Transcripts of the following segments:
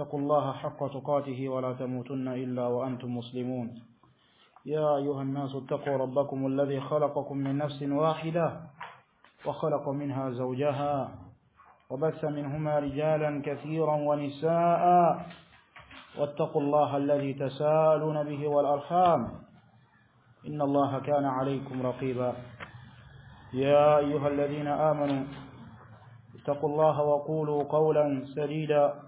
اتقوا الله حق تقاته ولا تموتن إلا وأنتم مسلمون يا أيها الناس اتقوا ربكم الذي خلقكم من نفس واحدة وخلق منها زوجها وبث منهما رجالا كثيرا ونساء واتقوا الله الذي تسالون به والأرحام إن الله كان عليكم رقيبا يا أيها الذين آمنوا اتقوا الله وقولوا قولا سديدا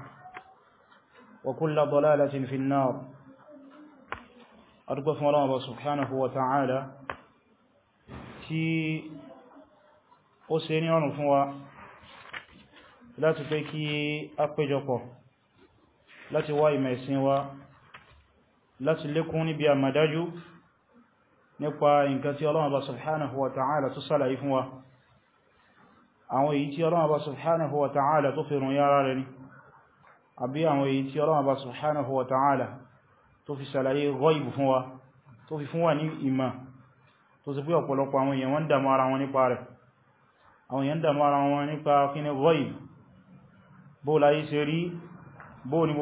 وكل ضلالة في النار أرجو فمن الله سبحانه وتعالى tí ó ṣe لا ọ̀rùn fún لا láti pé kí a péjọpọ̀ láti wá ìmọ̀ ìsìn wa láti lékún níbi àmàdájú nípa nǹkan tí Ọlọ́run subhanahu wa ta'ala tó sàlàyé fún wa àwọn èyí tí Ọlọ́run subhanahu wa ta'ala tó fi yára rẹ̀ ni àbí àwọn èyí tí Ọlọ́run bá subhanahu wa ta'ala tó fi sàlàyé gọ́ìbù fún wa tó fi fún wa ní ìmà tó sì pé ọ̀pọ̀lọpọ̀ àwọn èèyàn wọ́n dàmọ́ ara wọn nípa rẹ̀ àwọn èèyàn dàmọ́ ara wọn nípa kíni gọ́ìbù bó láyé ṣe rí bó ní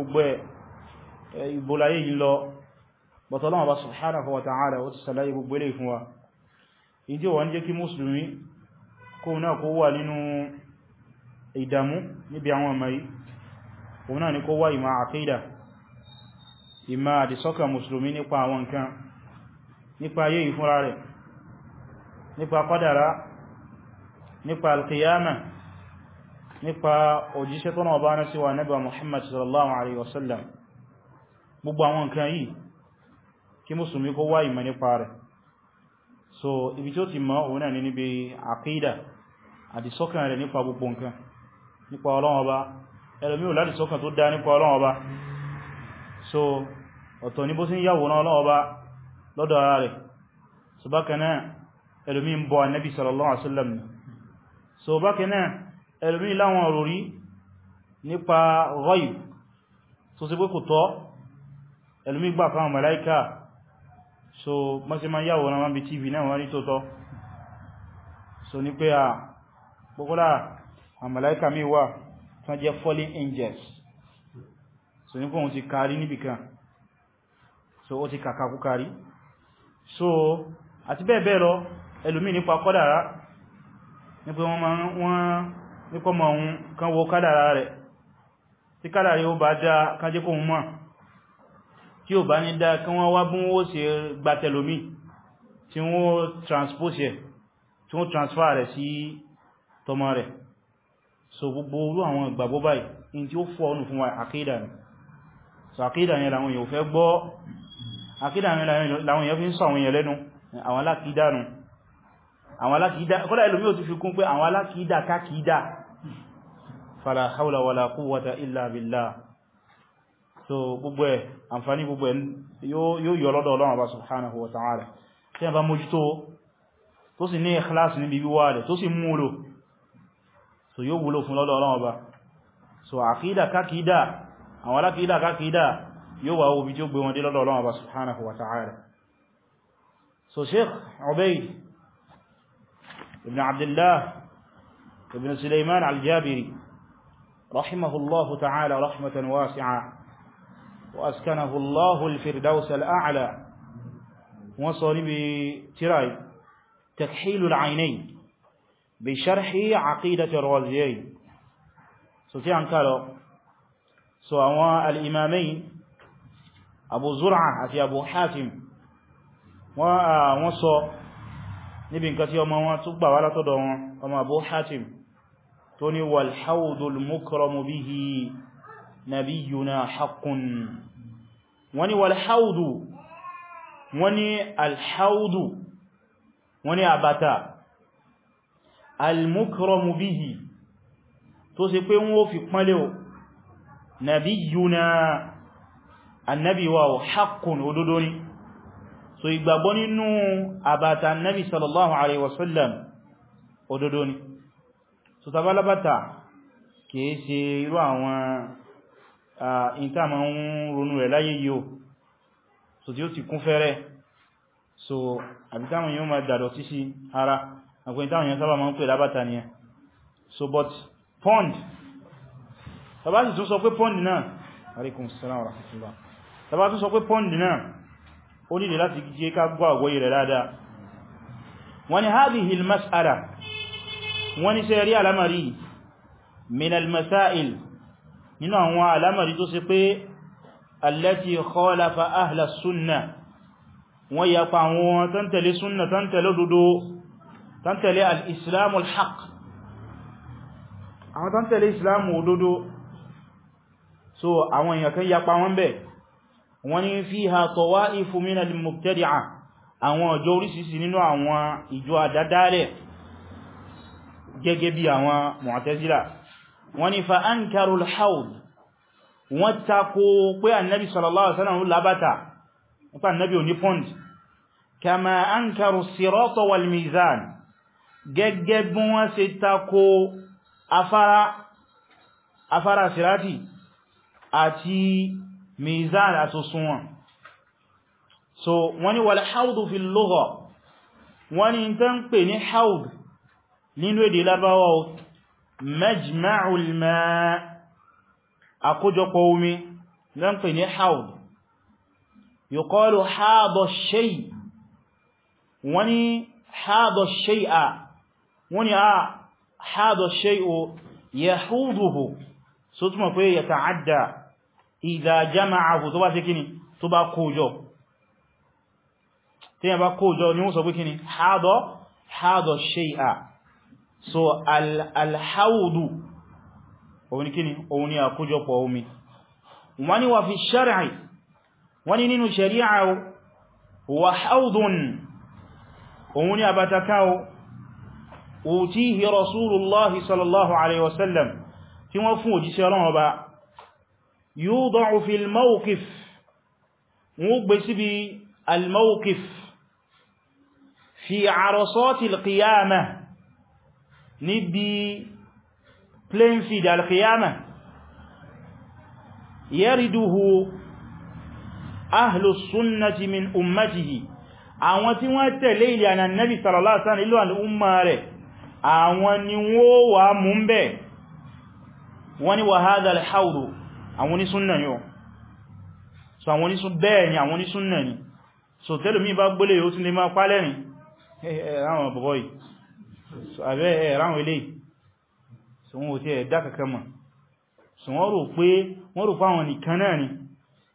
òun náà ni kó wá ìmọ̀ àkídà ìmọ̀ àdìsọ́kà mùsùlùmí nípa àwọn nǹkan nípa ayé ìfúnra rẹ̀ nípa kádàrá nípa alkiyama nípa òjíṣẹ́ tó náà bá rán wa nábì Muhammad sallallahu alaihi wasallam gbogbo àwọn nǹkan yìí kí mùsùlùmí kó nípa so ibi tí ẹlòmí ò láti sọ́kàn tó dá nípa Ọlọ́run Ọba so ọ̀tọ̀ ní bó sí ń yàwòrán Ọlọ́run Ọba lọ́dọ̀ ara rẹ̀ so bákanáà ẹlòmí ń bọ Ànábì sallallahu alaihi wasallam so bákanáà ẹlòmí láwọn òròrí nípa ghaib so sí pé kò tọ́ ẹlòmí gbà fáwọn màláíkà ma yàwòrán wọn bí tv náà so ní pé à pọ́kọ́lá mi wà tán jẹ́ fallen angels so ní kóhun ti kàrí níbìkan so ó ti kàkàkú kàrí so àti bẹ́ẹ̀ bẹ́ẹ̀ lọ ẹlòmí nípa kọ́dàrá nípa wọn ma wọ́n nípa ma ohun kan wo kádàrá rẹ̀ tí kádàrí ó bá dá kájẹ́ kóhun mọ́ tí ó bá ní dá kí wọ́n wá bún ó sì gbàtẹ̀lòmí tí wọ́n transpose ẹ̀ tí wọ́n transfer rẹ̀ sí tọmọ rẹ̀ so gbogbo orú àwọn ìgbàgbọ́ báyìí in tí ó fọ́ ọnù fún wa àkídà ni so àkídà yẹn làwọn èèyàn fẹ́ gbọ́ àkídà yẹn làwọn èèyàn fi ń sọ àwọn èèyàn lẹ́nu àwọn alákìídà nù àwọn alákìídà kọ́lá ìlú yóò ti fi kún pé àwọn alákìídà kákìídà fala hawla wala quwwata illa so yóò wúlò fún lọ́dọ̀ Ọlọ́run Ọba so àkídà kákídà àwọn alákídà kákídà yóò wà wo tí ó gbé wọn dé lọ́dọ̀ Ọlọ́run Ọba subhanahu wa ta'ala so Sheikh Ubayd ibn Abdullah ibn suleiman aljabiri rahimahullahu ta'ala rahmatan wasi'a wa askanahu Allahu al-firdaus sọ níbi tíráì takhilul aynayn بشرح عقيدة الرازيين سوتي عن كالو سواء الإمامين أبو زرعة أتي أبو حاتم وصو نبي كتي وما تقبع ولا تدعو وما أبو حاتم توني والحوض المكرم به نبينا حق وني والحوض وني الحوض وني أبتا al-mukramu bihi tó ṣe pé wọ́n fi pánlẹ̀ o nabiyyuna annabi wa haqqun òdodo ni so ìgbàgbọ́ nínú àbàtà annabi sallallahu alaihi wasallam òdodo ni so tabalabata kìí ṣe irú àwọn ìntàmà ń ronú rẹ̀ láyé yíò so tí ó ti kún fẹ́rẹ́ so àbítàmà yíò máa dàdọ̀ sí sí ara àpẹni táwọn èèyàn sábà máa ń pè lábàtà nìyẹn so but pond tàbá sì tún sọ pé pond náà alaikum salam wa rahmatullah tàbá tún sọ pé pond náà ó nílè láti jẹ́ ká gbọ́ àgbọ́yé rẹ̀ dáadáa wọ́n ni hadhihi al-mas'ala wọ́n ni sẹ́rí alamari min al-masail nínú àwọn alamari tó ṣe pé allati khalafa ahla sunna wọ́n yapa àwọn tán sunna tán tẹ̀lé tán tẹ̀lé al-islam al-haq àwọn tán tẹ̀lé islam òdodo so àwọn èèyàn kan yapa wọn bẹ̀ wọ́n ní fiha tawa'ifu min al-mubtadi'a àwọn ọjọ́ orísìsì nínú àwọn ìjọ àdádálẹ̀ gẹ́gẹ́ bí àwọn mu'tazila wọ́n ní fa ankaru al-hawd wọ́n tako pé annabi sallallahu wal mizan gẹ́gẹ́ bí wọ́n ṣe tako afárá afárá sirati àti mizan àsosun wọn so wọ́n ni wal haudu fi lugha wọ́n ni tán pè ní haud nínú èdè lábáwá majma'ul ma omi tán pè ní haud yuqalu haada shay wọ́n ni haada shay'a wọ́n ni a ah, hadha shay'u yahuduhu so túnmọ̀ pé yata'adda idha jama'ahu tó bá sí kíni tó bá kójọ tí yẹn bá kójọ ni wọ́n sọ pé kíni hadha hadha shay'a so alhaudu òun kíni òun ni àkójọpọ̀ omi wọ́n ni fi shar'i wọ́n ni shari'a wà haudun òun ni àbátakáwò òtíhì rasulullahi sallallahu alaihi wasallam tí wọ́n fún òjíṣẹ́ ọlọ́run ọba yudau fil mawqif wọ́n gbé síbi al-mawqif fi arasati al-qiyamah níbi plainfield al-qiyamah yariduhu ahlu sunnati min ummatihi àwọn tí wọ́n tẹ̀lé ìlànà nabi sallallahu alaihi wasallam àwọn ni wọ́n wà mú ń bẹ̀ wọ́n ni wàhádà alhaudu àwọn ní súnnà yóò so àwọn ní sún bẹ́ẹ̀ ni àwọn ní súnnà ni so tẹ́lù mí bá gbélé yóò tún lè máa pálẹ́rin ẹ̀ráwọn bọ̀bọ̀ yìí so àbẹ́ ẹ̀ráwọn ilé so wọ́n ò tí ẹ̀dá kankan mọ̀ so wọ́n rò pé wọ́n rò fáwọn nìkan náà ni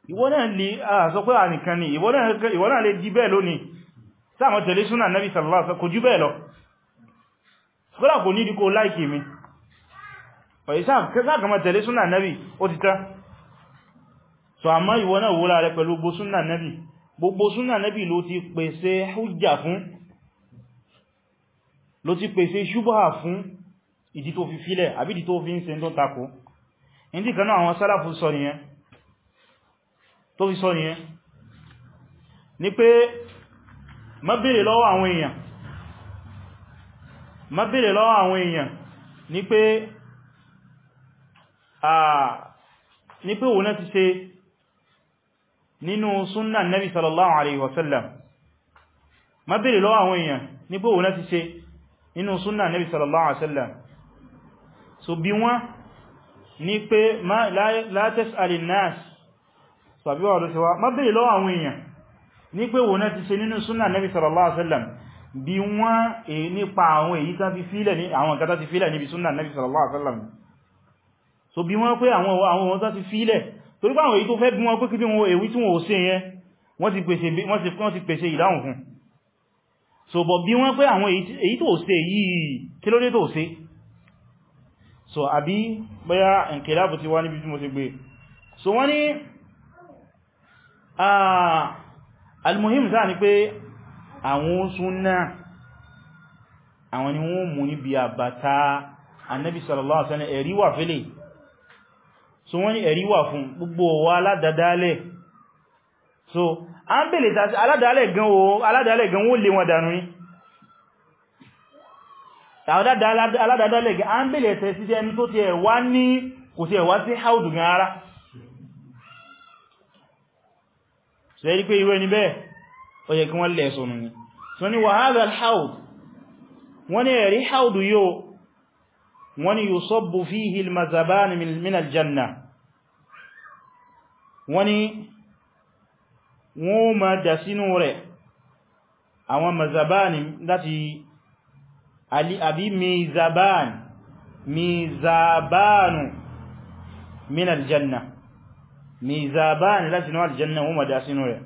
ìwọ kọ́lá kò nídi kó láìkì mi ọ̀yíṣàm kẹsàkàmà tẹ̀lé súnà nẹ́bì ó ti tán so àmá ìwọ náà wó láàrẹ pẹ̀lú gbogbo súnà nẹ́bì gbogbo súnà nẹ́bì ló ti pèsè hujja fún ló ti pèsè ṣubha fún ìdí tó fi filẹ̀ àbí ìdí tó fi ń ṣe tó takò ni pé má bèèrè lọ́wọ́ àwọn èèyàn má bèèrè lọ́wọ́ àwọn èèyàn ní pé ní pé òun náà ti ṣe nínú súnnà nabi sallallahu alaihi wasallam má bèèrè lọ́wọ́ àwọn èèyàn ní pé òun náà ti ṣe nínú súnnà nabi sallallahu alaihi wasallam so bí wọ́n ní pé la tas'alin nas sàbíwà lọ́sẹ̀wà má bèèrè lọ́wọ́ àwọn èèyàn ní pé òun ti ṣe nínú súnnà nabi sallallahu wasallam bí wọ́n è nípa àwọn èyí tán ti fílẹ̀ ní àwọn ǹkan tán ti fílẹ̀ níbi súnnà Nabi sallallahu alaihi so bí wọ́n pé àwọn ohun tán ti fílẹ̀ torípa àwọn èyí tó fẹ́ bí wọ́n pé kí bí wọ́n èwí tí wọ́n ò ṣe yẹn wọ́n so bọ̀ bí wọ́n pé àwọn èyí tó ṣe yìí kí so àbí bóyá ǹkẹ̀láàbù ti wá níbi tí mo so wọ́n ni ah, almuhim sáà ni àwọn súnnà àwọn ni wọ́n mú níbi àbàtà annabi sallallahu alaihi wasallam ẹ̀rí wà fẹ́lẹ̀ so wọ́n ni ẹ̀rí wà fún gbogbo wa aládádálẹ̀ so a ń bèèrè tàbí aládádálẹ̀ gan wó lè wọn dànù ní aládádálẹ̀ gan a ń bèèrè tẹ́ sí ẹni tó ti ẹ̀ wá ní kò sí ẹ̀wá sí pé irú ẹni bẹ́ẹ̀ ó yẹ kí wọ́n lẹ̀ sọ̀nù ni so ni wàhálà alhaud wọ́n ni ẹ̀rí haud yóò wọ́n ni yusabbu fihi almazabani min aljanna wọ́n ni wọ́n ma dà sínú rẹ̀ àwọn mazabani láti àbí mizaban mizabanu min aljanna láti náà aljanna wọ́n ma dà sínú rẹ̀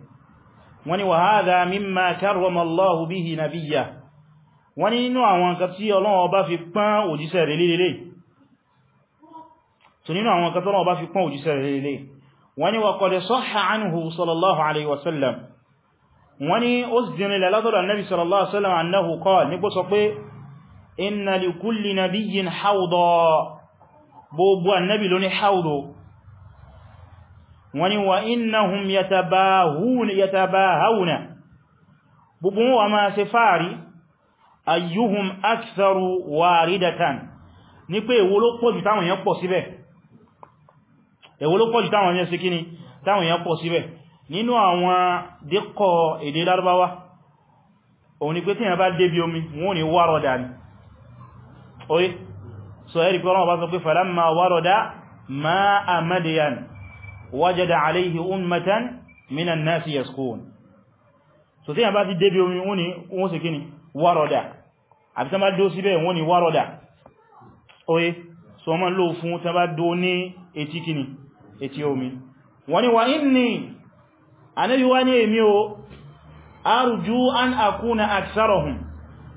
wọ́n ní wa hadha mimma karrama Allahu bihi nabiyya wọ́n ní nínú àwọn nǹkan tí Ọlọ́run ọba fi pán òjíṣẹ́ rẹ̀ lélele so nínú àwọn nǹkan tí Ọlọ́run ọba fi pán òjíṣẹ́ rẹ̀ lélele wọ́n ní wa qad sahha anhu sallallahu alaihi wasallam wọ́n ó sì dínrin lẹ́lọ́dọ̀dọ̀ annabi sallallahu alaihi wasallam annahu qala wọ́n ni wa innahum yatabahuna yatabahawna gbogbo wọn wà máa ṣe fàárí ayyuhum aktharu waridatan ní pé èwo ló pọ̀jù táwọn èèyàn pọ̀ síbẹ̀ èwo ló pọ̀jù táwọn èèyàn sí pọ̀ síbẹ̀ nínú àwọn díkọ̀ èdè lárúbáwá òun ni pé tí èèyàn bá débi omi wọ́n ni wárọ̀dà ni oye so ẹ̀rì pé ọlọ́wọ́ bá sọ pé falamma wárọ̀dà ma a wajada alayhi ummatan minan nasi yasqun so tí a bá ti débi omi wọ́n ni wọ́n sì kí ni wárọ̀dà àbí tán bá dó síbẹ̀ wọ́n ni wárọ̀dà oye so ma lò fún tán bá dó ní etí kí ni etí omi wọ́n ni wà ní anábi wá ní èmi o arju an akuna aksarahum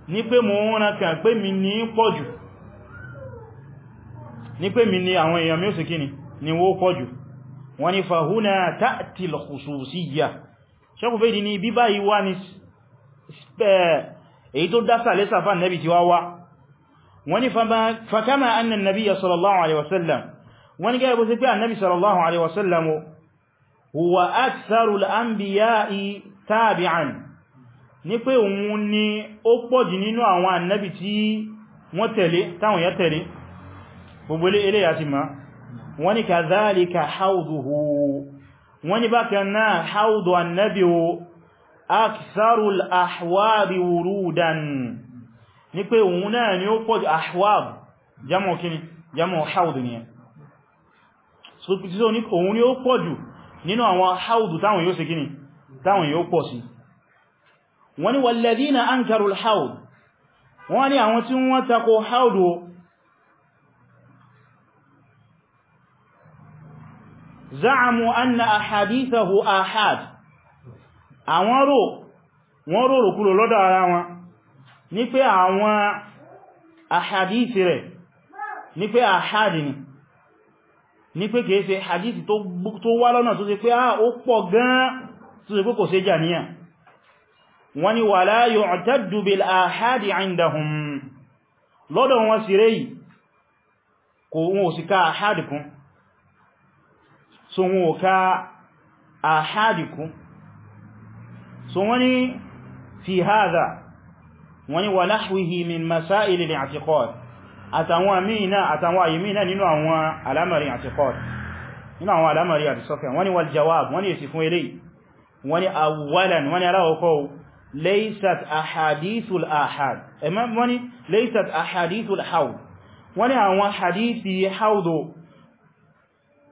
ní pé mo wọ́n kan pé pé mi ní àwọn wọ́n ni fahuna ta'ti al-khususiyya ṣekú fẹ́ ìdí ni bí báyìí wá ní eh, èyí tó dásà lẹ́sà fà nẹ́bì tí wá wá wọ́n ni fakama annan nabiyya sallallahu alaihi wasallam wọ́n ni gẹ́gẹ́ bó sí pé annabi sallallahu alaihi wasallam huwa aktharu al tabi'an ní pé òun ni ó pọ̀jù nínú àwọn annabi tí wọ́n tẹ̀lé táwọn yẹ tẹ̀lé gbogbo ilé ilé ti máa wọ́n ni kàzálíkà hauduhu wọ́n ni bákan náà haudu annabi o aksarul ahwabi wurudan ní pé òun náà ni ó pọ̀jù ahwab jamọ̀ kini jamọ̀ haudu ni òun ni ó pọ̀jù nínú àwọn haudu táwọn yóò za'amu anna ahadithahu ahad àwọn rò wọ́n rò rùkúrò lọ́dọ̀ ara wọn ní pé àwọn ahadithi rẹ̀ ní pé ahad ni ní pé kìí ṣe hadithi tó wá lọ́nà tó ṣe pé a ah, ó pọ̀ gan tó ṣe pé kò ṣe jàníyàn wọ́n ni wala yu'taddu bil ahadi indahum lọ́dọ̀ wọn sì rẹ̀ yìí kò wọ́n ò sì ahad kún so wọn ò ká àhádìkú so wọ́n ni fi hadha wọ́n ni wà láhùhì min masáìlì ní àtiqad àtàwọn àmìnà àtàwọn àyèmìnà nínú àwọn alámàrí àtiqad nínú àwọn alámàrí wọ́n ni wal jawab wọ́n ni èsì fún ilé wọ́n ni awwalan wọ́n ni aláwọ̀kọ́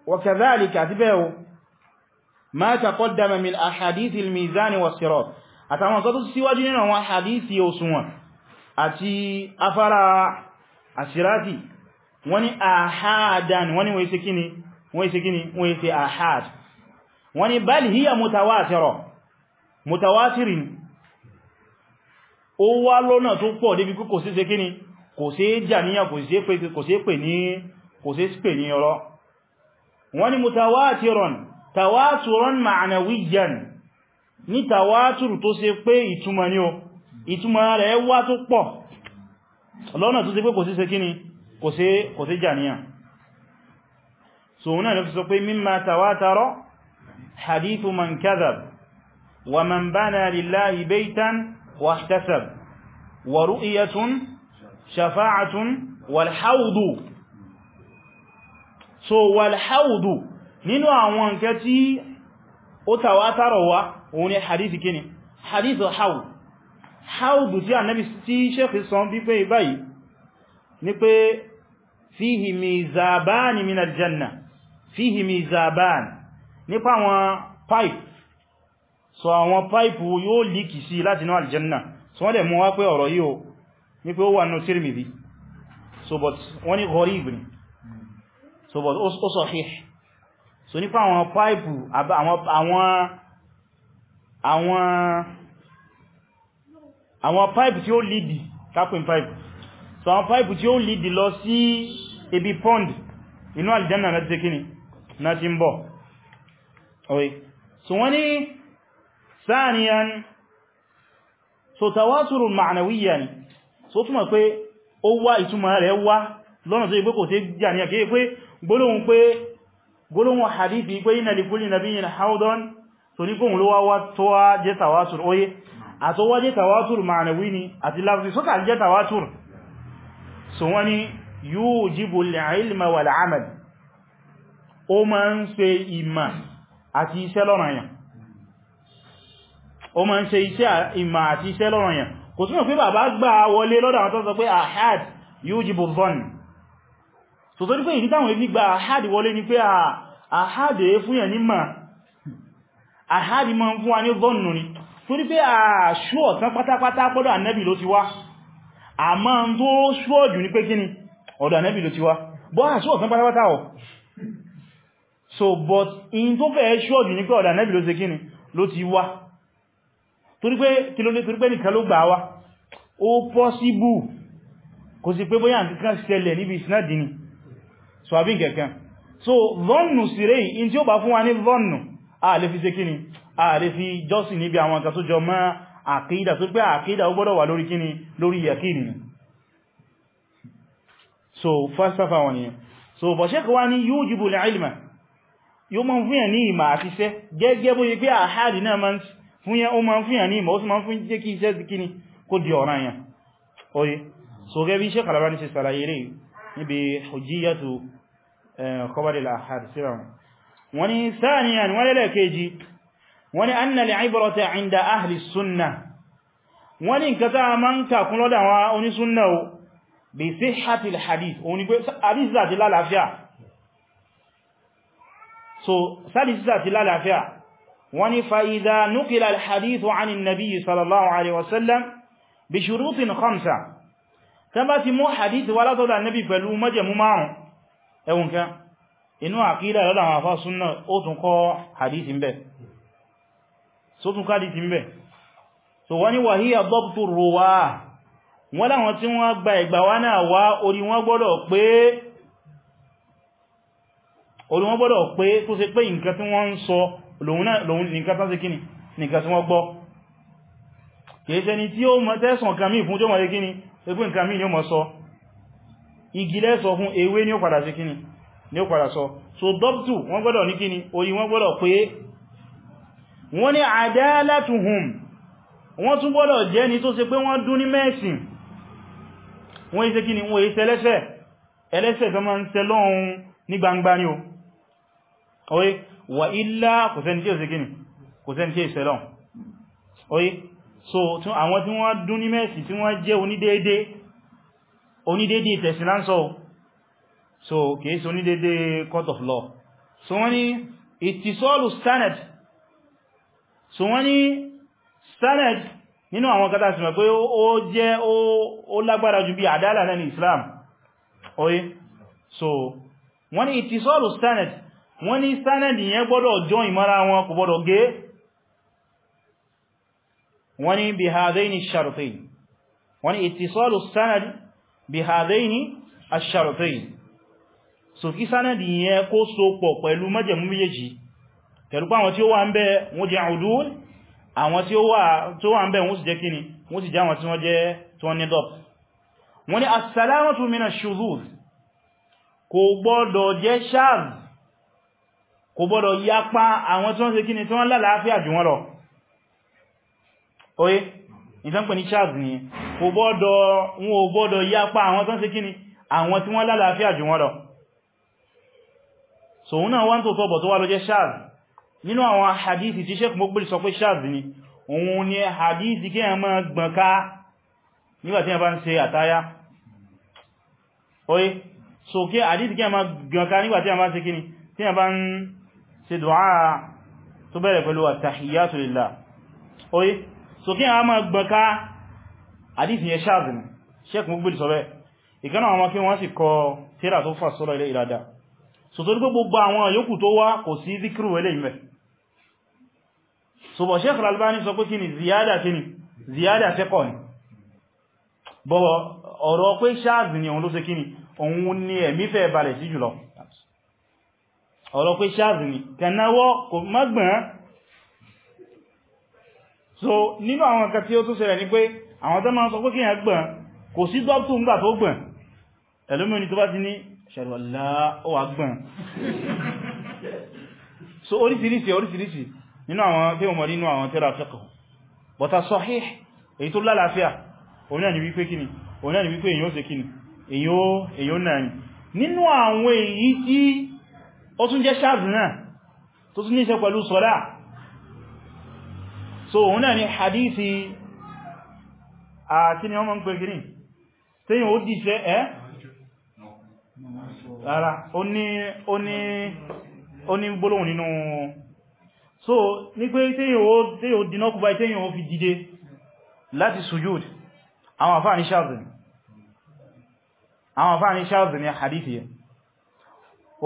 وكذلك اتبعوا ما تقدم من احاديث الميزان والصراط àtàwọn kan tó síwájú nínú àwọn àdíìsì òsùnwọ̀n àti afárá àṣíráàtì wọ́n ni àhádán wọ́n ni wọ́n ise kíni wọ́n ise kíni wọ́n ise àhád wọ́n ni bal hiya mutawatirah mutawatirin ó wá lọ́nà tó wọ́n ní mutawatiron tawaturon ma'anawiyan ní tawaturu tó ṣe pé ìtumọ̀ ni o ìtumọ̀ rẹ̀ wá tó pọ̀ lọ́nà tó ṣe pé kò sí ṣe kíni kò sí kò sí jàníyàn so náà lọ́fi sọ pé mimma tawataro hadithu man kadhab wa man bana lillahi baytan wa ihtasab wa ru'yatun shafa'atun wal hawdu so walhaudu nínú àwọn nǹkan tí ó tàwátàrọ̀ wá òun ni hadith kíni hadith haudu haudu tí annabi tí sẹ́fì sọ bí pé báyìí ni pé fíhì mizabani min aljanna fíhì mizabani nípa àwọn pipe so àwọn pipe yóò líkì sí láti inú aljanna so wọ́n lè mú wá pé ọ̀rọ̀ yìí o ní pé ó wà nù Tirmidhi so but wọ́n ni gharib ni so but ó sahih so nípa àwọn pipe àwọn àwọn àwọn àwọn pipe tí ó lìdì tapin pipe so àwọn pipe tí ó lìdì lọ sí ibi pond inú aljanna na ti kíni na ti ń bọ̀ oi so wọ́n ní sáàniyan so tawaturun ma'anawiyya ni so túnmọ̀ pé ó wá ìtumọ̀ rẹ̀ wá lọ́nà tó yí pé kò tí jà ní àkíyè pé gbólóhùn pé gbólóhùn hadithi pé inna li kulli nabiyyin hawdan tó ní kóhùn ló wá wá tó wá jẹ́ tawatur oye àtọwá jẹ́ tawatur ma'anawi ni àti láti sọ́kà jẹ́ tawatur so wọ́n ni yujibu al-ilma wal amal ó ma ń ṣe ìmà àti iṣẹ́ lọ́ranyàn ó ma ń ṣe iṣẹ́ ìmà àti iṣẹ́ lọ́ranyàn kò túnmọ̀ pé so torí pé ìdíkàwọn ibi gba àhádì wọlé ni pé àhádì fúnyẹ̀ ní ma àhádì ma ń fún wa ní zọ́nù ni torí pé àṣù ọ̀tán pátápátá pọ́dọ̀ ànẹ́bì ló ti wá a ma ń tó ṣúọ̀jù ní pé kíni ọ̀dọ̀ ànẹ́bì ló ti wá bọ́ àṣù ọ̀tán pátápátá ọ̀ so but in tó fẹ́ ṣúọ̀jù ní pé ọ̀dọ̀ ànẹ́bì ló ti kíni ló ti wá torí pé kí ló lé torí pé nìkan ló gbà wá ó pọ́síbù kò sí pé bóyá nǹkan ṣẹlẹ̀ níbi ìsinádìí ni so àbí so lọ́nù sí rẹ̀ in tí ó bá fún wa ní lọ́nù a lè fi ṣe kíni a lè fi jọ́sìn níbi àwọn nǹkan tó jọ mọ́ àkídà tó pé àkídà ó gbọ́dọ̀ wà lórí kíni lórí yàkíni so falsafa wọn so bọ̀ ṣe kọwa ní yóò jìbò lè ilmà yóò máa fún yàn ní ìmà àti iṣẹ́ gẹ́gẹ́ bó yí pé àhàdì náà máa fún yàn ó máa oye so gẹ́bí iṣẹ́ kàlàbá ní ṣe sàlàyé rẹ̀ níbi hujjiyatu Eh, khabaril ahad síra wọn ni sáàniyàn wọ́n lẹ́lẹ̀ kejì wọ́n ni an nalẹ̀ ibrata inda ahli sunna wọ́n ni nǹkan tá ma ń kàkún lọ́dà wọn onísúnnà o bí sihhatil hadith o ni pé àdísà ti lálàáfíà so sádìsà ti lálàáfíà wọ́n ni fa idha nukila alhadith wa anin nabi sallallahu alaihi wasallam bi shurutin khamsa ta ba ti mú hadith wa látọ̀dà nabi pẹ̀lú májẹ̀mú márùn-ún ẹwùn kan inú àkídà lọ́dọ̀ àwọn àfá súnnà ó tún kọ́ hadithi mbẹ̀ so tún kádìtì mbẹ̀ so wọ́n ni wàhíyà dọ́pùtù rọwà wọ́n láwọn tí wọ́n gba ìgbà wá náà wá orí wọ́n gbọ́dọ̀ pé orí wọ́n gbọ́dọ̀ pé tó ṣe pé nǹkan tí wọ́n ń sọ lòun nǹkan tán sí kíni nǹkan tí wọ́n gbọ́ kìí ṣẹni tí ó mọ̀ tẹ́sàn kan fún tí ẹgbẹ́ nǹkan mí ni ó mọ̀ sọ igi lẹ́sọ fún ewé ní ó padà sí kíni ní ó padà sọ so dọ́pùtù wọ́n gbọ́dọ̀ ní kíni orí wọ́n gbọ́dọ̀ pé wọ́n ní adalatuhum wọ́n tún gbọ́dọ̀ jẹ́ ni tó ṣe pé wọ́n dún ní mẹ́sìn wọ́n yí ṣe kíni wọ́n yí ṣẹlẹ́ṣẹ̀ ẹlẹ́ṣẹ̀ tó máa ń ṣẹ lọ́hun ní gbangba ni o oye wà ilá kò sẹ́ni tí ó ṣe oye so tún àwọn tí wọ́n dún ní mẹ́sìn onídédé tẹ̀sìlánsọ́ so kìí so onídédé court of law so wọ́n ni ìtìsọ́lù standard so wọ́n ni standard nínú àwọn kátà sí pé ó jẹ́ ó lágbára ju bí àdálà náà ní Islam oye so wọ́n ni ìtìsọ́lù standard wọ́n ni standard yẹn gbọ́dọ̀ jọ ìmọ́ra wọn kò gbọ́dọ̀ gé wọ́n ni bí hadaini wọ́n ni ìtìsọ́lù standard bihadaini ash-sharatayn so kí sanadi yẹn kó so pọ̀ pẹ̀lú májẹ̀mú méjèèjì pẹ̀lú pé àwọn tí ó wà ń bẹ wọ́n jẹ́ udul àwọn tí ó wà ń bẹ wọ́n sì jẹ́ kíni wọ́n sì jẹ́ àwọn tí wọ́n jẹ́ tí wọ́n ní dọ́p yapa àwọn tí wọ́n ṣe kíni tí wọ́n lálàáfíà jù ìtànpẹ̀ ní charles ní wọn ò gbọ́dọ̀ yápa àwọn tán ṣe kí ni àwọn tí wọ́n lálàáfíà jù wọ́n lọ so òun náà wọ́n tó tọ́bọ̀ tó wá lọ jẹ́ charles nínú àwọn hadithi tí sheik mokbil sọ pé charles ní ni hadithi kí ẹ so kí hadithi kí ẹ mọ́ gbọ̀nká nígbàtí ẹ bá ń ṣe kíni tí ẹ bá ń ṣe dùá so kí àwọn máa gbọ́nká àdífì yẹn ṣáàzì ní ṣẹ́kùn gbogbo ìsọ̀rẹ́ ìkaná àwọn kí wọ́n sì kọ tíra tó fàṣọ́rọ̀ ilẹ̀ ìrádá so tó dípé gbogbo àwọn yòókù tó wá kò sí zikiru wẹ́lẹ̀ ìmẹ́ so bọ̀ Sheikh ziyada kí ziyada tẹ́kọ̀ ni bọ̀bọ̀ ọ̀rọ̀ pé ni òun ló ni òun ni ẹ̀mí fẹ́ balẹ̀ sí jùlọ ọ̀rọ̀ pé ṣáàzì so nínú àwọn nǹkan tí ó tún ṣẹlẹ̀ ni pé àwọn tó máa sọ pé kíyàn gbọ̀n kò sí dọ́pù ńgbà tó gbọ̀n ẹlòmíì tó bá ti ní ṣẹ̀rọ̀lá ó wà gbọ̀n so oríṣiríṣi oríṣiríṣi nínú àwọn tí ó mọ̀ nínú àwọn tẹ́rà fẹ́kọ̀ bọ̀ta sahih èyí tó lálàáfíà òun náà ni wípé kíni òun náà ni wípé èyí ó ṣe kíni èyí ó náà ni nínú àwọn èyí tí ó tún jẹ́ ṣáàzù náà tó so òun náà ni hadithi àti ni ọmọ ń pè gírí tí yíò ó dìṣẹ́ ẹ́ rárá ó ní gbólóhùn nínú so ní pé tí yíò dínà kúbá tí yíò fi dìde láti sujúd àwọn àfáà ní ṣáàzìní àwọn àfáà ní ṣáàzìní hadithi yẹ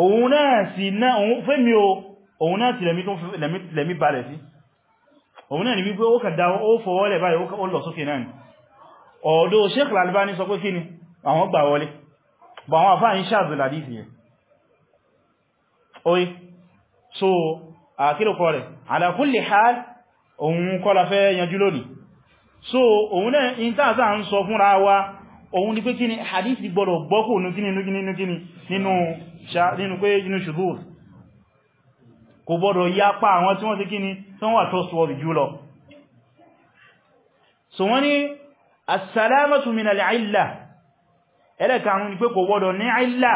òun náà sí náà fẹ́mi o òun náà sí lẹ́mí balẹ̀ sí òun náà ni wípé ó kàdá ó fọwọ́lẹ̀ báyìí ó lọ sókè náà ni ọ̀dọ̀ Sheikh Al-Albani sọ pé kí ni àwọn gbà wọlé bọ̀ àwọn àfáà ń ṣàbù làdífì yẹn oye so àkílùkọ rẹ̀ ala kulli hal òun kọ́la fẹ́ yanjú lónìí so òun náà in tààtà ń sọ fúnra wa òun ni pé kí ni hadith gbọ́dọ̀ gbọ́kù nínú kí kò gbọ́dọ̀ yapa àwọn tí wọ́n ti kíni tó wà trustworthy jùlọ so wọ́n ni as-salamatu min al-illa ẹlẹ́ka àwọn ni pé kò gbọ́dọ̀ ní illa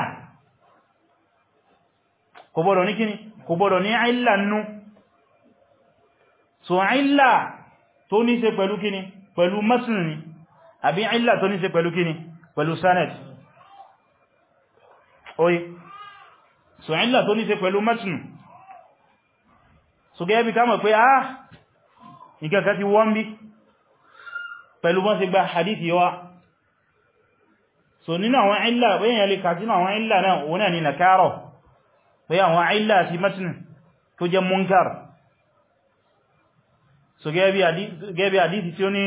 kò gbọ́dọ̀ ní kíni kò gbọ́dọ̀ ní illa nú so illa tó ní ṣe pẹ̀lú kíni pẹ̀lú maslin àbí illa tó ní ṣe pẹ̀lú kíni pẹ̀lú sanad oye so illa tó ní ṣe pẹ̀lú maslin so gẹ́gẹ́ bí ká mọ̀ pé ah nǹkan kan ti wọ́n bí pẹ̀lú bọ́n ṣe gba hadith yíwa so nínú àwọn ìlà wẹ́yìn lè kà sínú àwọn ìlà náà wọ́n náà ni na kárọ̀ wẹ́yìn àwọn ìlà sí mẹ́tìn tó jẹ munkar so gẹ́gẹ́ bí hadith tí ó ní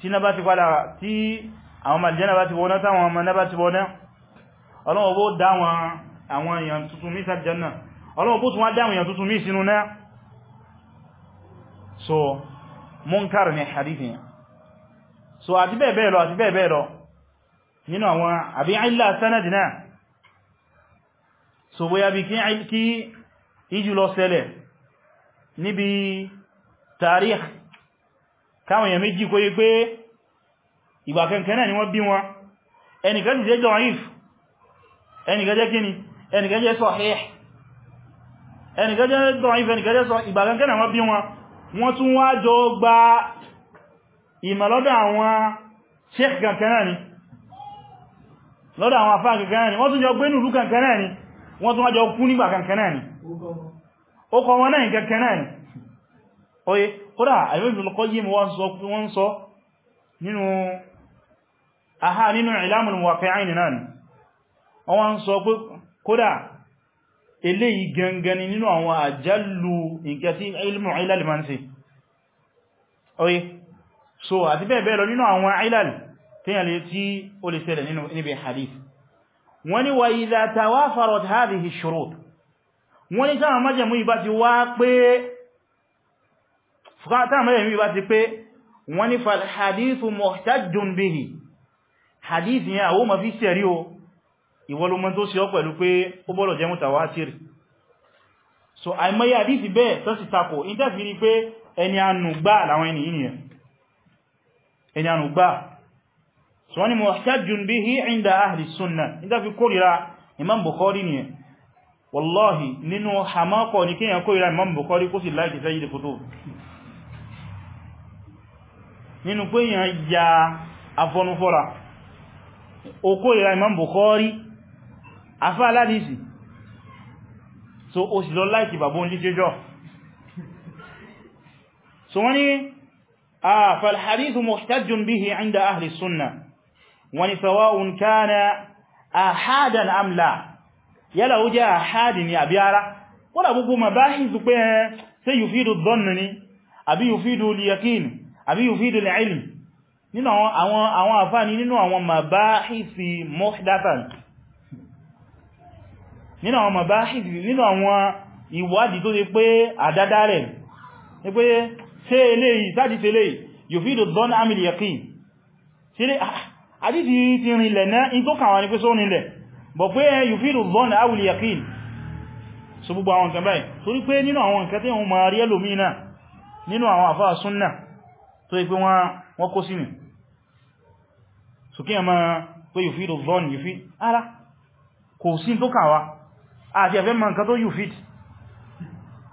tí na bá ti padà tí àwọn maljana bá ti wọ́ná táwọn ọmọ na bá ti wọ́ná ọlọ́wọ́ bó dáwọn àwọn èèyàn tuntun mí sàjánà ọlọ́run bó tún wá dáwọn èèyàn tuntun mí sínú náà so munkar ní hadith so àti bẹ́ẹ̀ bẹ́ẹ̀ lọ àti bẹ́ẹ̀ bẹ́ẹ̀ lọ nínú àwọn àbí àìlà sanad náà so bóyá bí kí ìjù lọ ṣẹlẹ̀ níbi tarikh káwọn èèyàn méjì kó yí pé ìgbà kankan náà ni wọ́n bí wọn ẹnìkan ti jẹ́ jọ àìf ẹnìkan jẹ́ kíni ẹnìkan jẹ́ sọ̀hẹ́ ẹnìkan jẹ́ dọ̀ìf ẹnìkan jẹ́ sọ ìbàgankan àwọn bí wọn wọ́n tún wá jọ gba ìmọ̀lọ́dọ̀ àwọn sheikh kankanani náà ni lọ́dọ̀ àwọn afá kankan náà ni wọ́n tún jọ gbé nùlú kankan wọ́n tún wá jọ kú nígbà wọn oye kódà eléyìí gangan ni nínú àwọn àjálù nǹkan tí ilmù ilal ma ń ṣe oye so àti bẹ́ẹ̀ bẹ́ẹ̀ lọ nínú àwọn ilal tí yà lè tí ó lè ṣẹlẹ̀ nínú níbi hadith wọ́n ni wa idha tawafarat hadhihi shurut wọ́n ni táwọn májẹ̀mú ìbá ti pé wọ́n ni fal hadithu muhtajjun ìwọ ló mọ̀ tó sí ọ pẹ̀lú pé ó bọ́lọ̀ jẹ́ mutawatir so àìmọye àdísì bẹ́ẹ̀ tó sì takò ìtẹ́fì ni pé ẹni ànùgbà làwọn ẹni ìyẹn ẹni ànùgbà so wọ́n ni muhtajjun bihi inda ahli sunnah ìtẹ́fì kórìíra imam bukhari ni wallahi nínú hamakọ̀ ní kíyàn kórìíra imam bukhari kó sì láìkì sayyid kutub nínú pé yàn ya afọnufọ́ra ó imam bukhari afá aládìsì so o sì lọ láìkì bàbá literature so wọ́n ni a falhadithu muhtajjun bihi inda ahli sunna wani sawa'un kana ahadan am la yala ó jẹ́ ahadi ni àbí ara wọ́n da gbogbo mabáhìsù pé ẹ sí yufidu dhannu ni àbí yufidu liyakin àbí yufidu ilm nínú àwọn àfáà ní nínú àwọn mabáhìsì muhdathan nínú àwọn mabahith nínú àwọn ìwádìí tó ti pé àdádá rẹ̀ ní pé ṣe eléyìí sáàdì ṣe eléyìí yufidu dhanna amil yaqin ṣe lè ah, àdídì ti rìnlẹ̀ náà in tó kàwà ní pé só rìnlẹ̀ bọ̀ pé yufidu dhanna awil yaqin so gbogbo àwọn nǹkan báyìí torí pé nínú àwọn nǹkan tí wọ́n ma rí ẹlòmínà nínú àwọn kò sí tó kàwàá àti ẹ̀fẹ́ ma nǹkan tó yù fit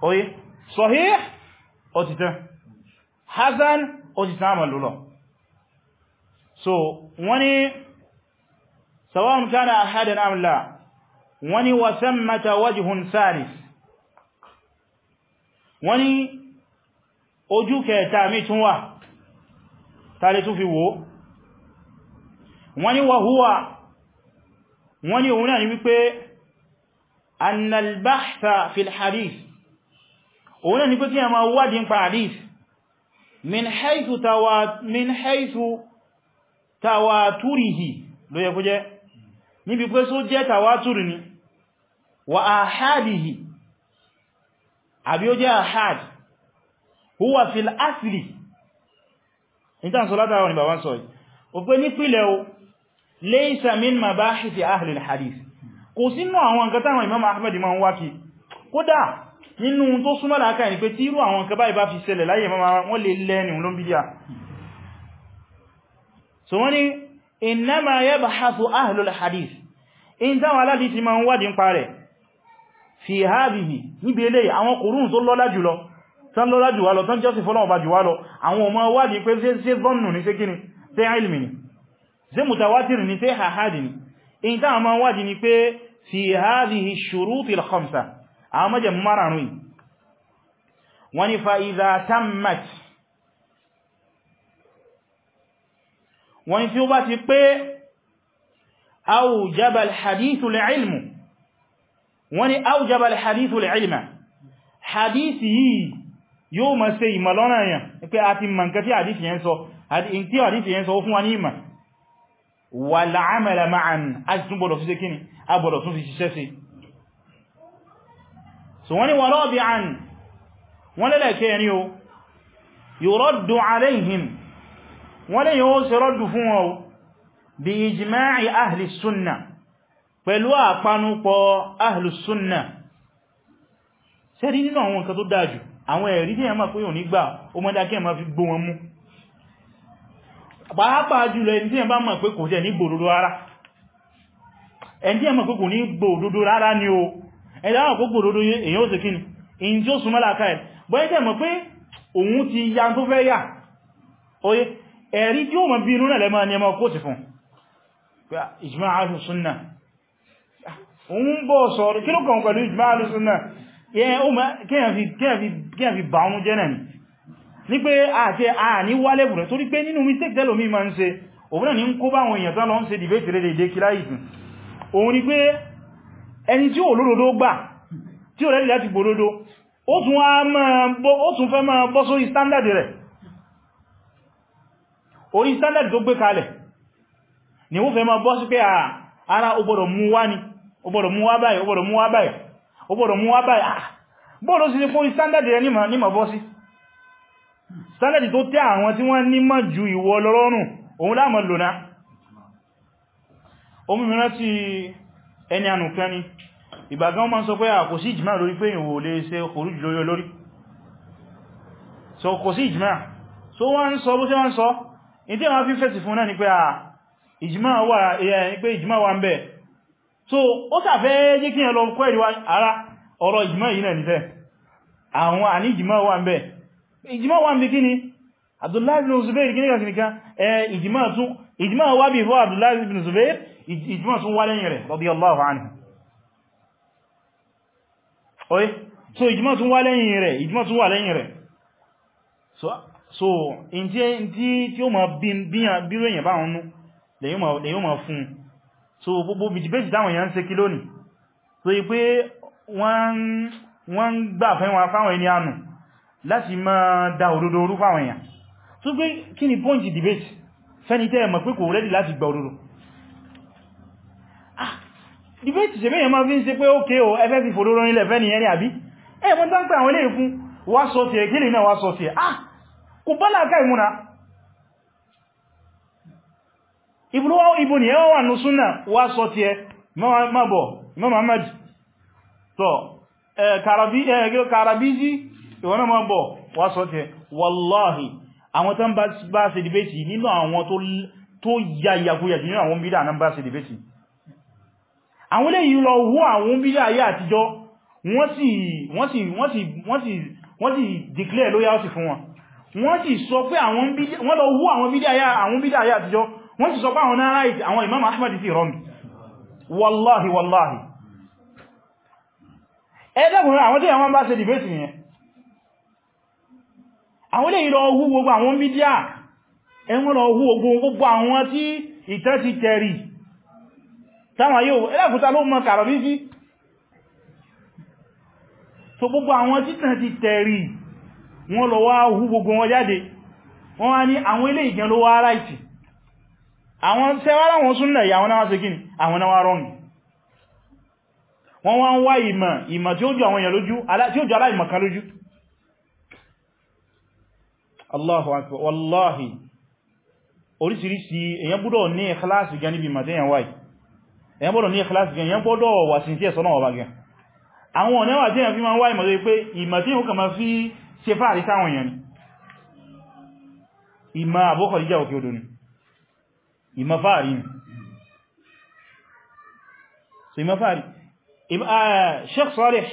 oye sahih òtìtẹ́ hasan òtìtẹ́ àmà lọ́lọ́ so wani sawa'un kana ahadan am la wani wa sammata wajhun salis wani ojú kẹta mi tún wà tàbí tún fi wò wani wa huwa wani òun náà ni wípé annalbáṣà fil hadith òun náà ni pé kí a máa wádìí nípa hadith min haithu tawaturihi ló yẹ kó jẹ́ níbi pé só jẹ́ tawaturi ni wa ahadihi àbí ó jẹ́ ahad huwa fil asli ìtàn sọ látàwọn ìbàwọn sọ yìí ò pé nípìlẹ̀ o laysa min mabahithi ahli al-hadith kò sínú àwọn nǹkan táwọn Imam Ahmed ma ń wá kí kódà nínú tó súnmọ́ láàká ní pé tí irú àwọn nǹkan báyìí bá fi ṣẹlẹ̀ láyé mama wọ́n lè lẹ́ni ló ń bí díà so wọ́n ni innama yabhathu ahlul hadith in táwọn aládìsí ma ń wádìí ń parẹ̀ fi hadhihi níbi eléyìí àwọn kòrún tó lọ́lá jùlọ tán lọ́lá jùwá lọ tán jọ́sí fọ́lọ́wọ́ bá jùwá lọ àwọn ọmọ wádìí pé ṣe zọ́nù ní ṣe kíni ṣe ilmi ṣe mutawatir ni ṣe hahadi ni in táwọn wádìí ni pé fi hadhihi shuruti al-khamsa a majan maranu wani fa'iza tammat wani tí ó bá ti pé aujaba al-hadithu li'ilmu wani aujaba al-hadithu li'ilma hadisi yìí yóò ma ṣe ìmọ̀lọ́nà yẹn pé a ti mọ̀ nǹkan tí hadisi yẹn sọ in tí hadisi yẹn sọ fún wa wàl'amala ma'an a tún gbọdọ̀ fi ṣe kíni a gbọdọ̀ tún fi ṣiṣẹ́ sí so wani wà rọ́bí an wọ́n lẹ́lẹ̀kẹ́ ni o yóò rọ́dù aláìhìn wọ́n lè yóò ṣe rọ́dù fún wọn bí ijima'i ahìlìsúnnà pẹ̀lú àpanupọ̀ ahìlìsúnnà sẹ́rí nínú àwọn nǹkan tó dájú àwọn ẹ̀rí tí ẹ máa pé yóò nígbà ó mọ́dá kí pàápàá jùlọ ẹni tí ẹ bá mọ̀ pé kò jẹ́ ní gbòdodo rárá ẹni tí ẹ mọ̀ pé kò ní ndị rárá ni o ẹni tí a mọ̀ pé gbòdodo èyàn ó sì kí ni in tí ó súnmọ́ ẹ̀ bọ́ ẹ́ mọ̀ pé òun ti ya tó fẹ́ yà oye ẹ̀rí tí ó mọ̀ bí inú rẹ̀ ní pé àti àní wálé bùrẹ̀ torí pé nínú mistake tẹ́lò mi ma ń ṣe òun náà ní ń kó báwọn èèyàn tán lọ ń ṣe debate rẹ̀ èdè kíra ìsìn òun ni pé ẹni tí ò lódodo gbà tí ò rẹ̀lẹ̀ láti gbòdodo ó tún fẹ́ máa bọ́ sórí standard rẹ̀ orí standard tó gbé kalẹ̀ ni wọ́n fẹ́ máa bọ́ sí pé ara ó gbọ́dọ̀ mú wá ni ó gbọ́dọ̀ mú wá báyìí ó gbọ́dọ̀ mú wá báyìí sálẹ̀dì tó tẹ́ àwọn tí wọ́n ní mọ̀ ju ìwọ lọ́rọ̀nù òun láàmọ̀ lòna omi mìíràn tí ẹni ànùkẹ́ ni ìgbàgán ma ń sọ pé à kò sí ìjìmá lórí pé ìwò lè ṣe kòrú jù lórí olórí so kò sí ìjìmá so wọ́n ń sọ bó ṣe wọ́n sọ ìdí àwọn fi fẹ́sì fún náà ni pé à ìjìmá wà pé ìjìmá wà ń bẹ̀ so ó sàfẹ́ jẹ́ kí ẹ lọ kọ́ ẹ̀rí wa ara ọ̀rọ̀ ìjìmá yìí náà nìfẹ́ àwọn wà ń bẹ̀ ìjìmá wà ní kíni Abdullahi ibn Zubair kíni kàkiri ká ìjìmá e, tún ìjìmá wà bí fọ́ Abdullahi ibn Zubair ìjìmá tún wà lẹ́yìn rẹ̀ radiyallahu anhu oye so ìjìmá tún wà lẹ́yìn rẹ̀ ìjìmá tún wà lẹ́yìn rẹ̀ so in tí tí ó ma bí rẹ̀yìn bá wọn nú lè yóò ma fún so gbogbo bìjìbẹ́sì dáwọn èèyàn ń ṣe kí wọ́n ń gbà fẹ́ wọn fáwọn ẹni ànù láti máa dá òdodo orú fáwọn èèyàn tó gbé kí ni pọ́ǹjì debate fẹ́ni tẹ́ mọ̀ pé kò rẹ́dì láti gba òdodo ah, debate ṣe mẹ́yàn máa fi ń ṣe pé ókè o ẹfẹ́ ti fòdó rọrin lẹ́fẹ́ ni ẹni àbí ẹ mọ́ tán pé àwọn ilé ìfún ah kò bá láàká ìmúna ibo ni ẹwọ́ wà nùsúnà wá sọ ti ẹ mọ́ Muhammad Karabizi ìwọ́n náà bọ̀ wá sọ tẹ wallahi àwọn tán bá ṣe dìbẹ́tì nínú àwọn tó ya ìyàkúyà jù nínú àwọn bídá náà bá ṣe dìbẹ́tì àwọn lè yìí lọ wó àwọn bídá ayé àtijọ́ wọ́n sì declare loyalty fún wọn wọ́n sì sọ pé wọ́n lọ wó àwọn bídá ayé àtijọ́ wọ́n sì sọ pé àwọn náà right àwọn Imam Ahmad sí rọ́mì wallahi wallahi ẹgbẹ́gbùnrin àwọn tí àwọn bá ṣe dìbẹ́tì yẹn àwọn lè lọ hú gbogbo àwọn mídíà ẹwọ́n lọ hú gbogbo àwọn tí ìtẹ́ ti tẹ̀rì táwọn yóò ẹlẹ́kùta ló mọ́ kàrọ̀ bí sí so gbogbo àwọn títàn ti tẹ̀rì wọ́n lọ wá hú gbogbo wọn jáde wọ́n wá ní àwọn ilé ìjẹun ló wá ráìtì Allahu akbar wallahi oríṣiríṣi èyàn gbọ́dọ̀ ní ìkìláàsì gan níbi màtíyàn wáyì èyàn gbọ́dọ̀ ní ìkìláàsì gan èyàn gbọ́dọ̀ wà sí tí ẹ̀sọ́ náà wà gan àwọn ọ̀nà wà tí èyàn fi máa wáyì mọ̀tí pé ìmàtíyàn kà máa fi ṣe fàárí sáwọn èyàn ni ìmà àbúkọ̀ jíjà òkè odò ni ìmà fàárí ni so ìmà fàárí eh, Sheikh Salih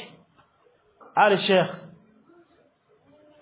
al-Sheikh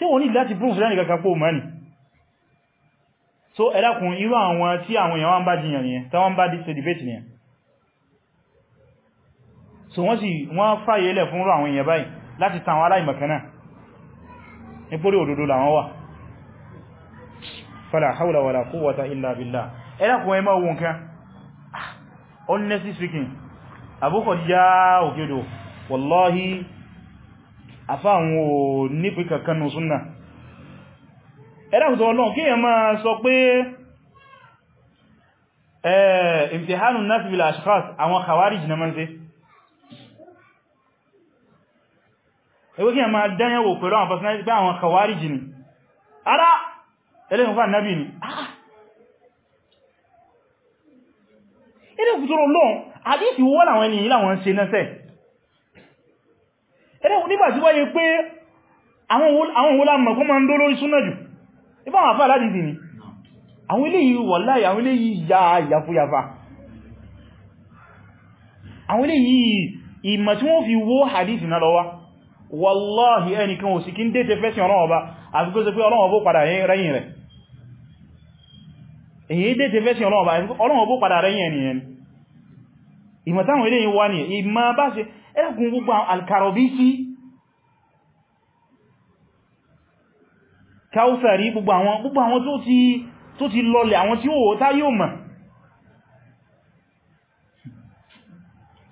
tí wọ́n ní láti proof lẹ́nì kankan mọ́ ní so ẹ̀dàkùn irú àwọn tí àwọn èèyàn wọ́n bá jiyàn nìyẹn tí wọ́n bá dí so debate nìyẹn so wọ́n sì wọ́n fàyè ilẹ̀ fún rú àwọn èèyàn báyìí láti tàwọn aláìmọ̀kánà nítorí òdodo làwọn wà ah, honestly afá àwọn ò nípi kankanú súnnà ẹ̀dàkùtọ̀ ọlọ́run kí èyàn máa sọ pé ìmtìhánù náà fìbìlà ashkhas àwọn khawarij na mọ́n sí ẹgbẹ́ kí èyàn máa dányẹ̀wò pẹ̀lú àwọn personality pé àwọn khawarij ni ara ẹlẹ́yìn fà nábì ni ah! ẹ̀dàkùtọ̀ ọlọ́run àdífì wọ́n àwọn ènìyàn ẹ̀rẹ́ nígbàtí wáyé pé àwọn wọlá mọ̀ kó ma ń dó lórí súnà jù ìbáwọn àfáà láti dì àwọn ilé yìí wọ̀láì àwọn ilé yìí ya yàfúyàfà àwọn ilé yìí ìmọ̀ tí fi wó hadith na lọ́wọ́ wallahi ẹnìkan òsì kí ń dé ìmọ̀ táwọn ilé yìí wá ní ìmọ̀ bá ẹ̀rẹ́kùn gbogbo alkarobisi káúsàrí gbogbo àwọn gbogbo àwọn tó ti lọlẹ̀ àwọn tí ó wò tá yóò mọ̀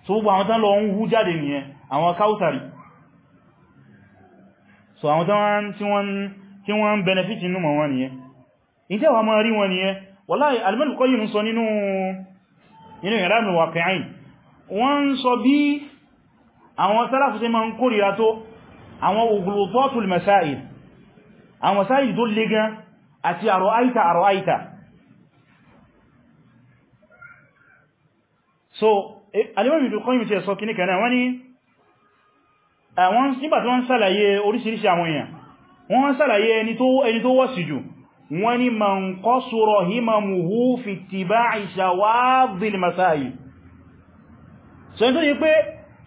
so gbogbo àwọn tán lọ ń hú jáde nìyẹn àwọn káúsàrí so àwọn tí wọ́n ń benefit inú mọ̀ wọn nìyẹn ìjẹ́ wà máa rí wọn nìyẹn wallahi al sọ nínú nínú I'lam al-Waqi'in sọ bí àwọn sálàfù sí ma ń kórìíra tó àwọn ògùlùtọ́tù masáìl àwọn sáìl tó lè gan àti àrọ̀ àìta àrọ̀ àìta so alimọ́bí ibi kọ́yìn tí ẹ sọ kìní kanáà wọ́n ni àwọn nígbàtí wọ́n sàlàyé oríṣiríṣi àwọn èèyàn wọ́n sàlàyé ẹni tó wọ́sì jù wọ́n ni man qasura himamuhu fi ittiba'i shawadhil masáìl so ẹni tó yí pé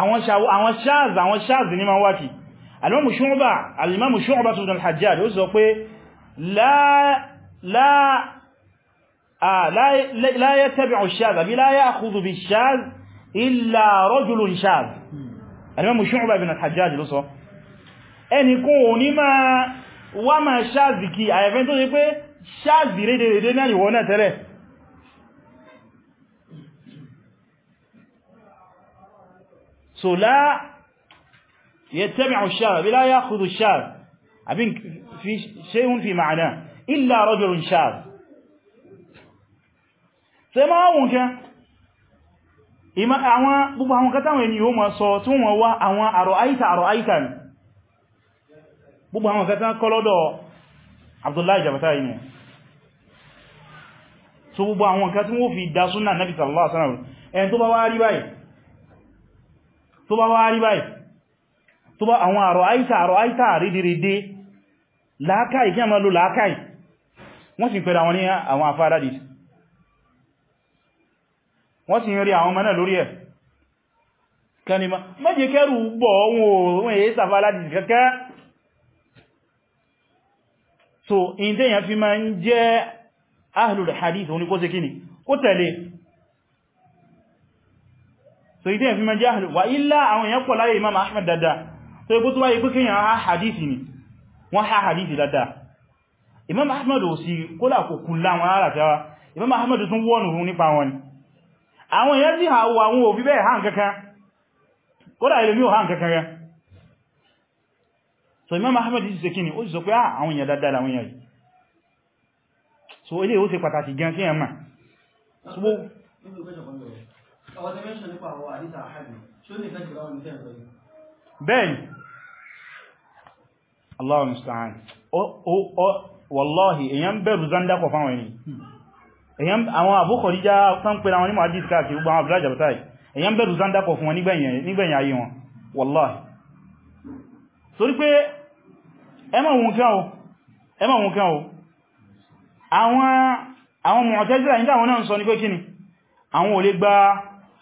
àwọn ṣáàz àwọn ṣáàz ní máa wákì alimamu ṣúnbà alimamu ṣúnbà tó dùn hajjáde ó sọ pé láyé tẹ́bẹ̀ ṣáàz àbí láyé àkúzù bí ṣáàz ilá rọ́jùlù ṣáàz alimamu ṣúnbà bin hajjáde ló sọ ẹni kó ní máa wá máa ṣáàz kí àyẹ̀fẹ́ tó ṣe pé ṣáàz rédèrèdè so la يتبع الشاذ لا ياخذ الشاذ ابين في شيء في معناه الا رجل شاذ sema won kan ima àwọn gbogbo àwọn kan táwọn ènìyàn ma sọ tí wọ́n wá àwọn aro aita aro aita ni gbogbo àwọn kan tan kolodo abdullahi jabata ni so gbogbo àwọn kan tí wọ́n fi dá sunna nabi sallallahu alaihi wasallam en tó bá wá rí báyìí tó bá wá rí báyìí tó bá àwọn àrọ̀ àìta àrọ̀ àìta rídìrídé láákàí kí a máa lò láákàí wọ́n sì pẹ̀lú àwọn ní àwọn afáradì wọ́n sì rí àwọn mẹ́nà lórí ẹ̀ mẹ́jẹ bọ̀ ohun so in fi ahlul hadith so ite fi ma jẹ́ ahìlú wà ilá àwọn èèyàn pọ̀ láyé imam ahmed dada so ikú tó wáyé pé kíyàn ha hadithi ni wọ́n ha hadithi dada imam ahmed ò sí kólà kò kùlá wọn ara tẹ́wà imam ahmed tún wọ́nù hún nípa wọn àwọn èèyàn sì ha wọ àwọn òfin bẹ́ẹ̀ hàn kankan kódà ilmi ò hàn kankan rẹ so imam ahmed sì ṣe kíni ó sì sọ pé ah, àwọn èèyàn dada làwọn èèyàn yìí so ilé ó ṣe pàtàkì gan kíyàn mà bẹ́ẹ̀ni Allahu musta'an wallahi èyàn bẹ̀rù zanda kọ̀ fáwọn ẹni èyàn àwọn àbúkọ̀rí já tán pẹ̀lú àwọn onímọ̀ àdís káàkiri gbọ́n àbúrá jàbátá èyàn bẹ̀rù zanda kọ̀ fún wọn nígbẹ̀yìn ayé wọn wallahi torí pé ẹmọ̀ wọn kẹ́ o àwọn Mu'tazila ìdáwọn náà sọ ní pé kíni àwọn ò lè gba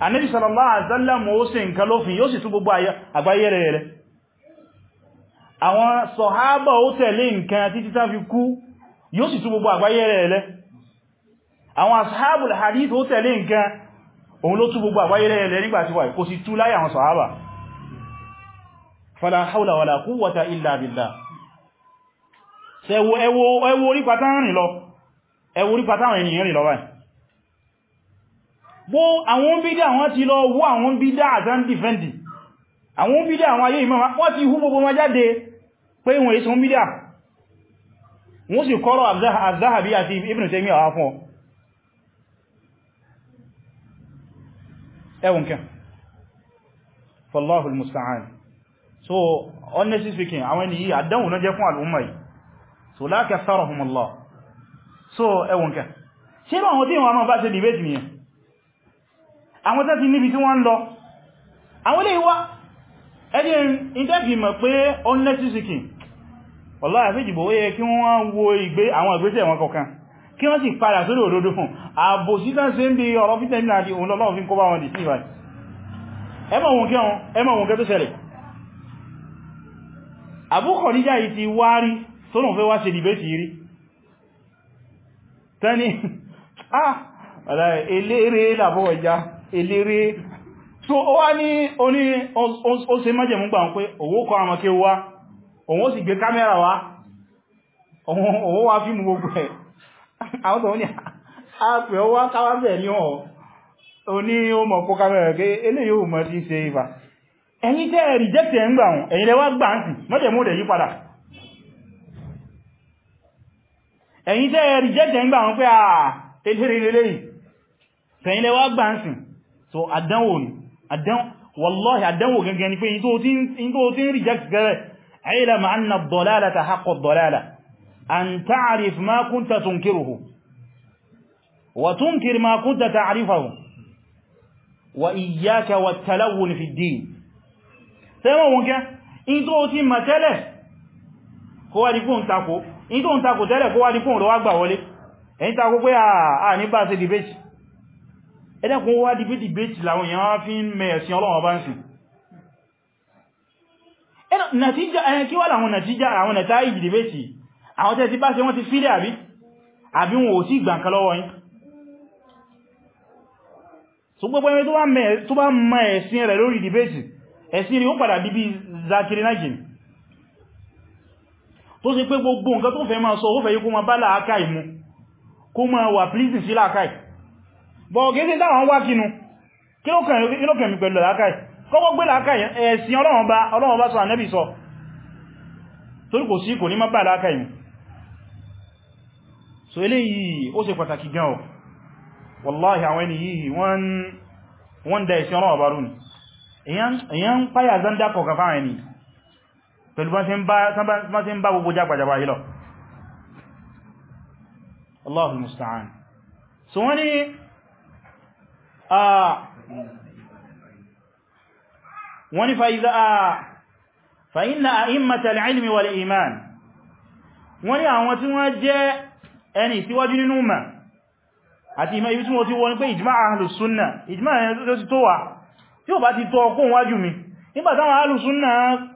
Ànábì sallallahu alaihi wasallam ó ṣe nǹkan lófin yóò sì tún gbogbo àgbáyé rẹ̀ rẹ̀ àwọn sọ̀hábà ó tẹ̀lé nǹkan títí tá fi kú yóò sì tún gbogbo àgbáyé rẹ̀ rẹ̀ àwọn ashabul hadith ó tẹ̀lé nǹkan òun ló tún gbogbo àgbáyé rẹ̀ rẹ̀ nígbàtí wà kò sì tú láyé àwọn sọ̀hábà fala hawla wala quwwata bó àwọn bídá àwọn ti lọ wó àwọn bídá àtàn dìfẹ́ndì àwọn bídá àwọn ayé ime wọ́n ti hú gbogbo wọn jáde pé wọ́n èso bídá wọ́n sì kọ́rọ̀ az àti Ibn Taymiyyah àwọn fún ẹwùn al-musta'an so fún so so ṣe bá àwọn tí bá àwọn tẹ́ ti níbi tí wọ́n ń lọ àwọn ilé ìwá ẹni ìtẹ́fì mọ̀ pé honestly speaking wallahi àfíjìbò ó yẹ kí wọ́n wo ìgbé àwọn ìgbésẹ̀ wọn kọ̀kan kí wọ́n sì padà sórí òdodo fún ààbò síta se ń bí ọ̀rọ̀ fítẹ̀ nínú àti òun lọ́lọ́ òfin kó bá wọn dì sí ìwà ẹmọ̀ òun kẹ́ tó ṣẹlẹ̀ Abu Khadija yìí ti wá rí tó lòun fẹ́ wá ṣe dìbẹ́tì rí tẹ́ni ah eléré làbọ̀ ọjà eléré so wá ní oní ó ṣe májẹ̀mú gbà pé owó kọ àmọ́ké wá òun ó sì gbé kámẹ́rà wá owó wá fíìmù gbogbo ẹ̀ àwọn tó ní àpẹ̀ ó wá ní ọ̀ oní ó kó kámẹ́rà pé eléyìí ò mọ̀ sí ṣe ìfà ẹ̀yin tẹ́ rìjẹ́tì ń gbà ń pé à so àdánwò ni wallahi àdánwò gangan ni pé in tó tí ń reject gẹ́rẹ̀ aylama anna ad-dalalata haqqu ad-dalala an ta'rif ma kunta tunkiruhu wa tunkir ma kunta ta'rifahu wa iyyaka wat-talawun fi ad-din sẹ́wọ̀n wọn kẹ́ in tó tí ma tẹ́lẹ̀ kó wá dípò ń takò in tó ń takò tẹ́lẹ̀ kó wá dípò ń rọwà gbà wọlé ẹ̀yìn takò pé à ní bá ṣe debate ẹ̀dẹ́kùn wá dìbí dìbétì láwọn èèyàn wá fi ń mẹ ẹ̀sìn ọlọ́wọ́ bá ń sùn nàtíjà ẹ̀yẹn kí wà láwọn nàtíjà àwọn nẹ̀tá ìjì dìbétì àwọn tẹ́ ti bá ṣe wọ́n ti fílẹ̀ àbí àbí wọn ò sí ìgbàǹkan lọ́wọ́ yín so gbogbo ẹni tó bá mọ ẹ̀sìn rẹ̀ lórí dìbétì ẹ̀sìn rí ó padà bíbí zakiri najin tó sì pé gbogbo nǹkan kó máa wà pleasing sí làákàì bọ̀ gẹ́gẹ́ táwọn wá kínú kí ló kẹ̀mí pẹ̀lú làákàí kọ́kọ́ gbé làákàí ẹ̀sìn Ọlọ́run bá sọ ànẹ́bì sọ torí kò sí kò ní má bá làákàí mu so eléyìí ó ṣe pàtàkì gan ọ̀ wallahi àwọn ẹni yìí wọ́n da ẹ̀sìn Ọlọ́run bá rú ni èyàn ń páyà zanda wọ́n ní a, fàínà àìmàtàlì ilmi wal iman wọ́n ní wọn tí wọ́n jẹ́ ẹni tíwájú nínú ma àti ìmọ̀ ibi tí wọ́n ti wọ́n pé ìjìmá ahàlùsúnnà ìjìmá ẹ̀yẹn tó wà tí ó bá ti tọ́ ọkùn wájú mi nígbàtàwọn ahàlùsúnnà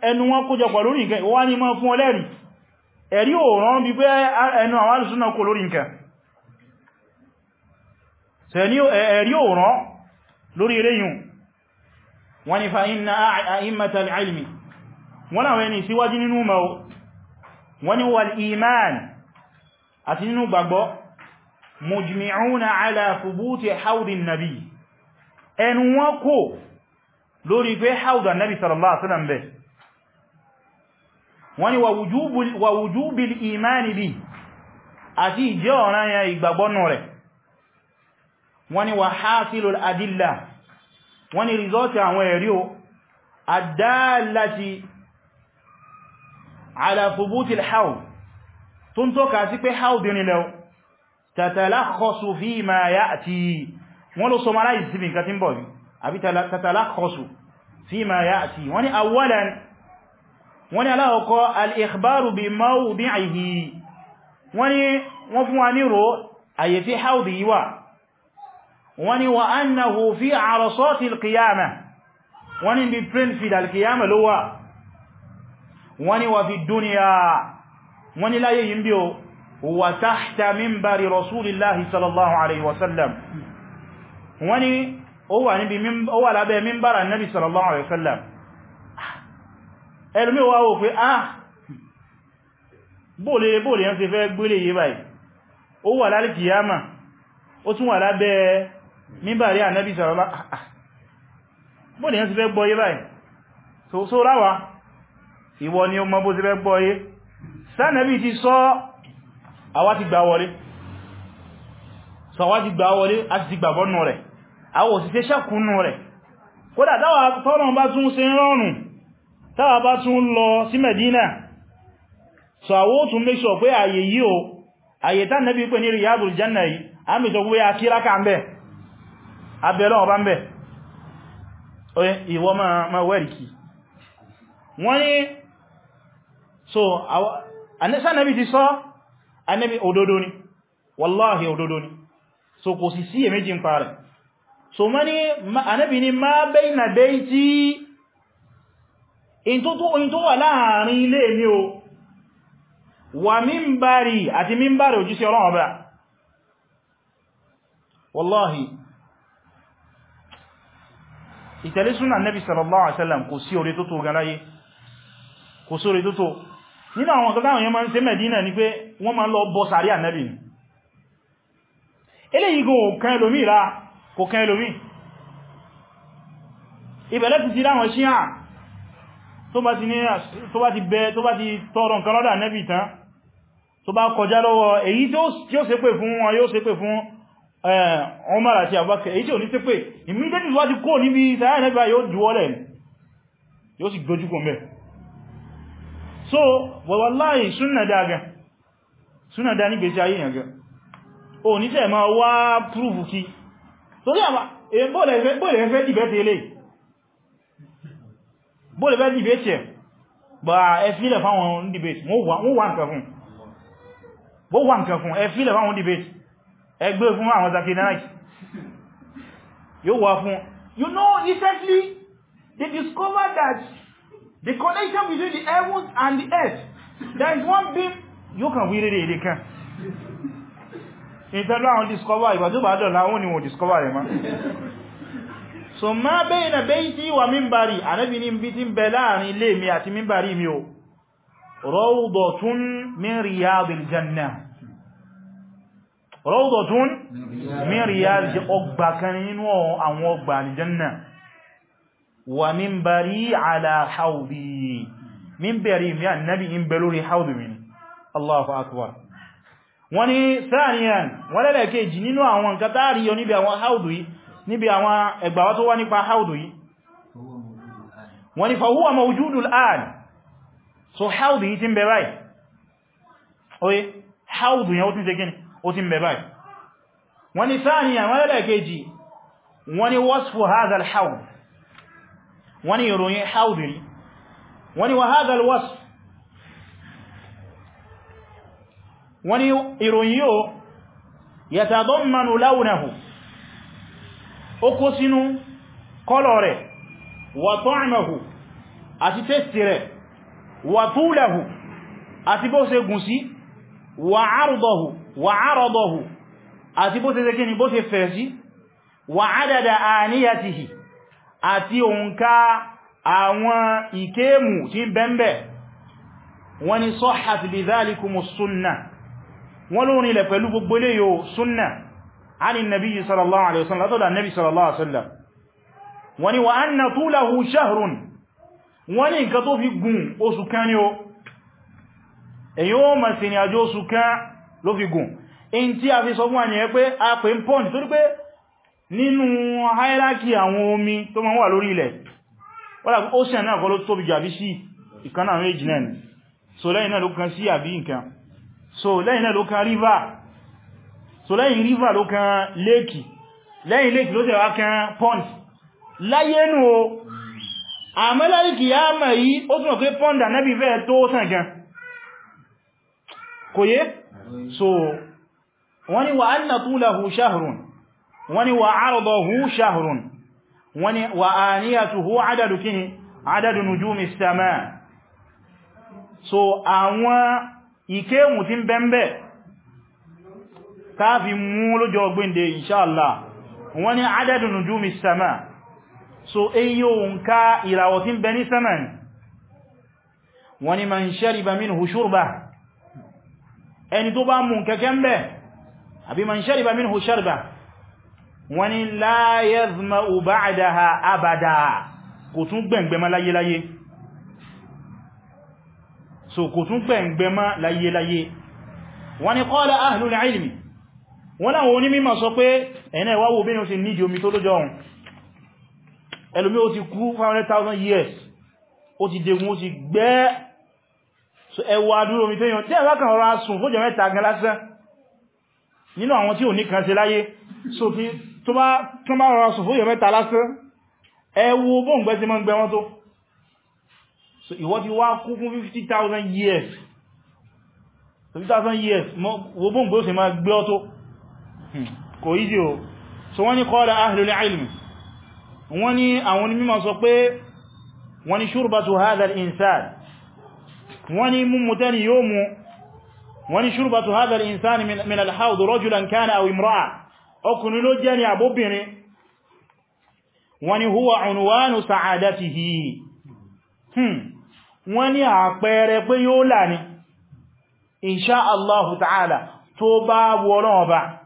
ẹnu wọn kó jẹpọ̀ lórí nǹkan wọ́n ní mọ́ fún ọlẹ́rì ẹ̀rí òòrùn bí pé ẹnu àwọn ahàlùsúnnà kò ẹ̀rí òrán lórí eléyìn wọ́n ni fa inna a'immata al'ilmi wọ́n náà wẹ́ni síwájú nínú mọ̀ wọ́n ni wal iman àti nínú gbàgbọ́ mujmi'una ala thubuti haudin nabi ẹnu wọn kò lórí pé haudan nabi sallallahu alaihi wasallam bẹ́ẹ̀ wọ́n ni wà hasilul adilla wọ́n ni rizọ́tì àwọn ẹ̀rí o adalati ala thubuti al-haw tó ń tọ́ka sí pé haw bí nílẹ̀ tatalakhasu fi ma ya'ti wọ́n ló sọmọ́lá ìsinmi nǹkan tí ń bọ̀ àbí tatalakhasu fi ma ya'ti wọ́n wọ́n ni aláwọ̀kọ́ wọ́n ní wa annahu fi àrọsọ́tí alkiyama wọ́n ní bí príncipe alkiyama ló wà wọ́n ní wa fi duniya wọ́n ní láyé yìí bí o wa tahta mimbari rasulillahi sallallahu alaihi wasallam wọ́n ní ó wà lábẹ́ mimbara nabi sallallahu alaihi wasallam ẹlùmí wa wò pé ah bóòlè bóòlè yẹn ti fẹ́ gbélé yìí báyìí ó wà lálìkìyàmà ó tún wà lábẹ́ mímbàrí ànábì sọ̀rọ̀lá ah, ah. bó ní ẹ́ ti fẹ́ gbọ́yé báyìí so so ráwá ìwọ ni o mọ́ bó ti fẹ́ gbọ́yé sánàbí ti sọ àwa ti gbà wọlé so àwa ti gbà wọlé a ti gbà bọ́nù rẹ̀ àwọ̀ òsìsẹ́ sẹ́kùnù rẹ̀ sí Medina so àwọ̀ ó tún make sure pé àyè yìí o àyè tánàbí pè ní Riyadul Janna yìí abẹ́lọ́ ọba ń bẹ̀ ma wọ́n ni so anẹ́sà ti sọ anẹ́bí òdodo ni ni so kò sì sí èméjì ń so ma ni ma bayna bayti in tó wà láàrin ilé mi o wà mímbàrí àti mímbàrí òjísí ọlọ́wọ́ bá ìtẹ̀lé súnà nẹ́bí sallallahu alaihi wasallam kò sí orí tó tó gan láyé kò sí orí tó tó nínú àwọn ọ̀gá táwọn yẹn máa ń ṣe Mẹ́dínà ni pé wọ́n máa ń lọ bọ́ sàárì ànẹ́bì ni eléyìí kò kàn ẹlòmí ìlà kò kàn ẹlòmí ìbẹ̀lẹ̀ ti ti tó bá ti bẹ tó bá ti tọrọ nǹkan lọ́dọ̀ ànẹ́bì tán tó bá kọjá lọ́wọ́ èyí tí ó ṣe pè fún wọn yóò ṣe pè fún wọn Umar eh, àti Abubakar èyí tí ò ní sí pé immediately wá ti kó níbi sàárà nẹ́bà yóò juwọ́lẹ̀ yóò sì gbójú kò mẹ́ so wallahi súnà dáagan súnà dá nígbèsí ayé yàn gan o ní tẹ́ ma wá prúfù kí torí àmà eh, bóòlẹ̀ fẹ́ dìbẹ́ tẹ́lẹ̀ bóòlẹ̀ fẹ́ dìbẹ́ tẹ́ bà ẹgbẹ́ fún àwọn zakidanaki yóò wà fún you know recently they discovered that the connection between the heavens and the earth there is one beam yóò kàn wí rere èdè kan ìtẹ́lú àwọn discover ìbàjọ́ bá dọ̀lá wọn ni wọ́n discover rẹ̀ ma so ma bayna bayti wa mímbàrí ànábì ní bí tí ń bẹ láàrin ilé mi àti mímbàrí mi o rawdatun min riyadil jannah rawdatun min riyadh ọgbà kan nínú àwọn ọgbà aljanna wa minbari ala hawdi minbari mi annabi in bẹ lórí hawdi mi Allahu akbar wani thaniyan wala la kejì nínú àwọn nǹkan tá rí yo níbi àwọn hawdu yìí níbi àwọn so hawdu yìí tin bẹ báyìí oye ó ti ń bẹ báyìí wọ́n ni sáàniyà wọ́n lẹ́lẹ́kejì wọ́n ni wasfu hazal haud wọ́n ni ìròyìn haud ni wọ́n ni wa hazal wasf wọ́n ni ìròyìn yóò yatadammanu lawnahu ó kó wa ta'mahu wà árọ̀bọ̀hù àti bó ṣe ṣe kíni bó ṣe fẹ̀ sí wà ádàdà àníyàtìhì àti òǹkà àwọn ìkéèmù tí bẹ́m̀bẹ̀ wọ́n ni sọ́hàtì bí zálikumu súnnà wọ́n ló rìnlẹ̀ pẹ̀lú gbogbo lè yóò súnnà ani nabi sallallahu alaihi wasallam látọ̀dà nabi sallallahu alaihi wasallam wọ́n èyí ó mọ̀ sí ni ló fi gùn in tí a fi sọ fún àyẹ̀ pé a pè ń pọ́ǹdì torí pé nínú hierarchy àwọn omi tó ma wà lórí ilẹ̀ wọ́la ocean náà kọ́ ló tóbi jù àbí sí ìkaná àwọn èjì náà lake lake ló tẹ̀wà kan pond láyé nù o àmẹ́láyé kìí á mẹ́ yí ó túnmọ̀ pé pond ànẹ́bí fẹ́ tó sàn gan kò yé so wọ́n ní wa anna tulahu shahrun wọ́n ní wa ardahu shahrun wọ́n ní wa aniyatuhu adadu kini adadu nujumi sama so àwọn ìkéhùn tí ń bẹ́m̀bẹ̀ káàfi mú lójọ gbíndé inṣáàlá wọ́n ní adadu nujumi sama so eyi òǹkà ìràwọ̀ tí ń bẹ ní sama ni wọ́n man shariba minhu shurba ẹni tó bá mú kẹ́kẹ́ ń bẹ̀ àbí man shariba minhu sharba wọ́n ni la yazma'u ba'daha abada kò tún gbẹ̀ngbẹ̀ mọ́ láyéláyé so kò tún gbẹ̀ngbẹ̀ mọ́ láyéláyé wọ́n ni qala ahlul ilmi wọ́n láwọn onímọ̀ sọ pé ẹ̀nà ìwáwò bí i ṣe nídi omi so ẹwà adúró omi tó yàn tí ẹ̀rọ kan rọra sùn fójọ mẹ́ta gan lásán nínú àwọn tí ò ní kan ṣe láyé so kí tó bá rọra sùn fójọ mẹ́ta lásán ẹwọ bóhùn gbẹ́sí mọ́ gbẹ́ wọn tó so ìwọ ti wá kú fún 50,000 years 50,000 years wo bóhùn gbẹ́sí mọ́ gbẹ́ ọ tó hmm, kò yí sí o so wọ́n ni qala ahlul ilm wọ́n ni àwọn onímọ̀ sọ pé wọ́n ni shurbatu hadha al-insan wọ́n ní mú mutẹ́ni yóò mú wọ́n ní ṣúrùbàtù hadar insani min alhaudu rajulan kana aw imra'a ọkùnrin ló jẹ́ ni àbóbìnrin wọ́n ní huwa unwanu sa'adatihi hmm. wọ́n ní àpẹẹrẹ pé yóò là ní inṣá allahu ta'ala tó bá wọ́n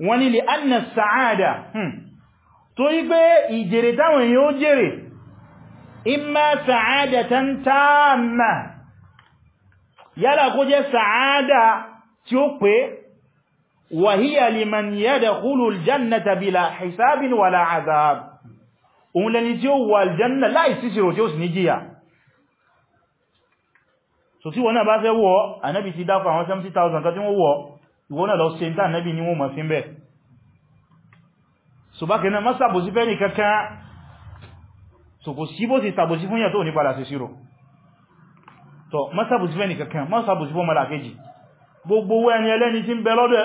wọ́n ni lè anna sa'ada hmm. tó yí pé ìjèrè táwọn yóò jèrè imma sa'adatan tamma yálà kó jẹ́ sa'ada tí ó pé wàhíyà liman yadkhulu aljannata bila hisabin wala azab òun lẹni tí ó wà aljanna láì sísìrò tí ó sì ìwọ́n náà lọ ṣe dá nẹ́bí ní wọ́n mọ̀ sí bẹ́ so bákan náà má ṣàbòsí fẹ́ ní kankan so kò sí bó ti ṣàbòsí fún yà tó ní padà sí sírò tọ má ṣàbòsí fẹ́ ní kankan má ṣàbòsí fún mọ́lá kejì gbogbo owó ẹni ẹlẹ́ni tí ń bẹ lọ́dọ̀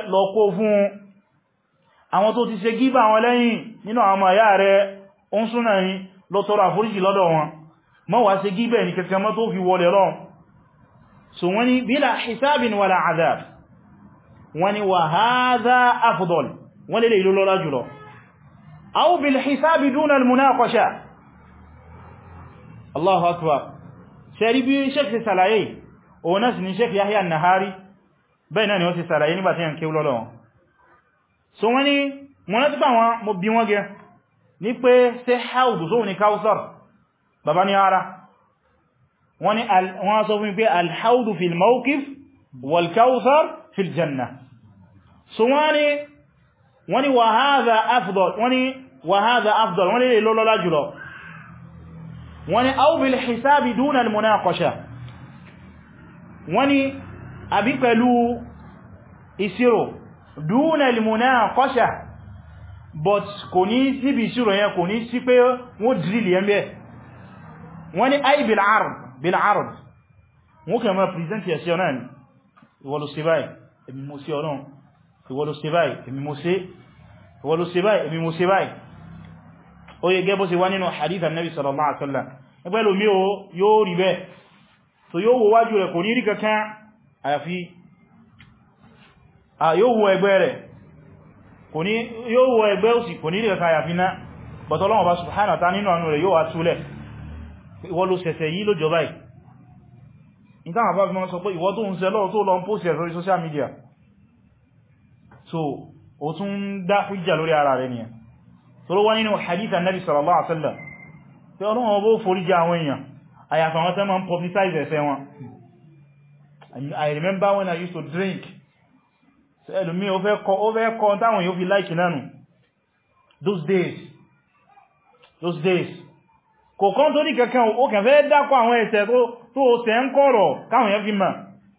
wọ́n ni wà hádá afdol wọ́n lè ìlú lọ́lá jùlọ au bil hisabi duna al munaqasha Allahu akbar sẹ́rí bí sheikh ṣàlàyé òun náà sì ni sheikh Yahya Nahari bẹ́ẹ̀ náà ni ó sì ṣàlàyé nígbàtí yàn kéwú lọ́lọ́ wọn so wọ́n ni wọ́n láti bá wọn mo bí wọ́n gẹ ní pé ṣe haudu sóhun ni kausar baba ni ara wọ́n sọ fún pé alhaudu fil mawqif wal kausar fil janna so wani wani wa hadha afdal wani wa hadha afdal wani le lo lola jùlọ wani aw bil hisab dun al munaqasha wani àbí pẹ̀lú ìṣirò dun al munaqasha but kò ní síbi ìṣirò yẹn kò ní sí pé wọ́n drill yẹn be wani ay bil ard wọ́n kàn máa present yẹn ọ̀nà ni ìwọ̀lù ọ̀nà ìwọ ló ṣe báyìí èmi mo ṣe ìwọ ló ṣe báyìí èmi mo ṣe báyìí ó yẹ gẹ́bọ́ sí wá nínú hadith annabi sallallahu alaihi wasallam ẹgbẹ́ lómi o yóò rí bẹ́ẹ̀ so yóò wo wájú rẹ̀ kò ní rí kankan àyàfi yóò wo ẹgbẹ́ rẹ̀ yóò wo ẹgbẹ́ òsì kò ní rí kankan àyàfi náà bọ̀tọ̀ lọ́wọ́ bá subhanahu ta nínú àánú so ó tún dá hujja lórí ara rẹ̀ nìyẹn so ló wá nínú hadith annabi sallallahu alaihi wasallam pé Ọlọ́run ọbọ̀ foríjì àwọn èèyàn àyàfà wọn tẹ́ ma ń publicize ẹ̀ṣẹ̀ wọn I remember when I used to drink so ẹlùmí ó fẹ́ kọ táwọn yóò fi láìkì nánu those days those days kò kán tó ní kankan ó kàn fẹ́ dákọ àwọn ẹ̀ṣẹ̀ tó ó tẹ́ ń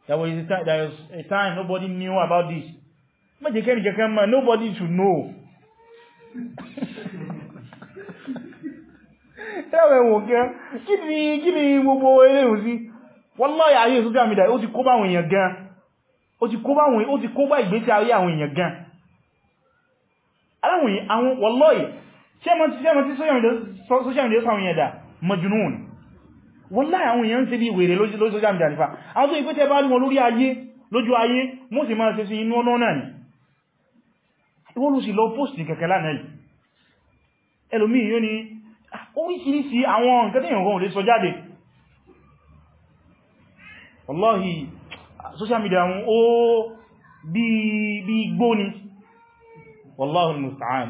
there was a time nobody knew about this mọ́jẹ̀ kẹ́rì kẹ́kẹ́ mọ́ nobody to know ẹwẹ̀ wò kẹ́ kí ni kí ni gbogbo eléhùn sí wallahi ayé social media ó ti kó bá àwọn gan ó ti kó bá ìgbésí ayé àwọn èèyàn gan aláwòye àwọn wallahi ṣẹ́mọ̀ tí social media sáwọn èèyàn dà majnun wallahi àwọn èèyàn ń ṣe bí wèrè lójú ayé ìwọ́n ló sì lọ pósìtì kẹ̀kẹ́ lánàá yìí ẹlòmí yóò ní ah, oríṣiríṣi àwọn nǹkan tẹ́yìn ọ̀rọ̀ lè sọ jáde wallahi social media wọn ó bí igbó ni wallahul musta'an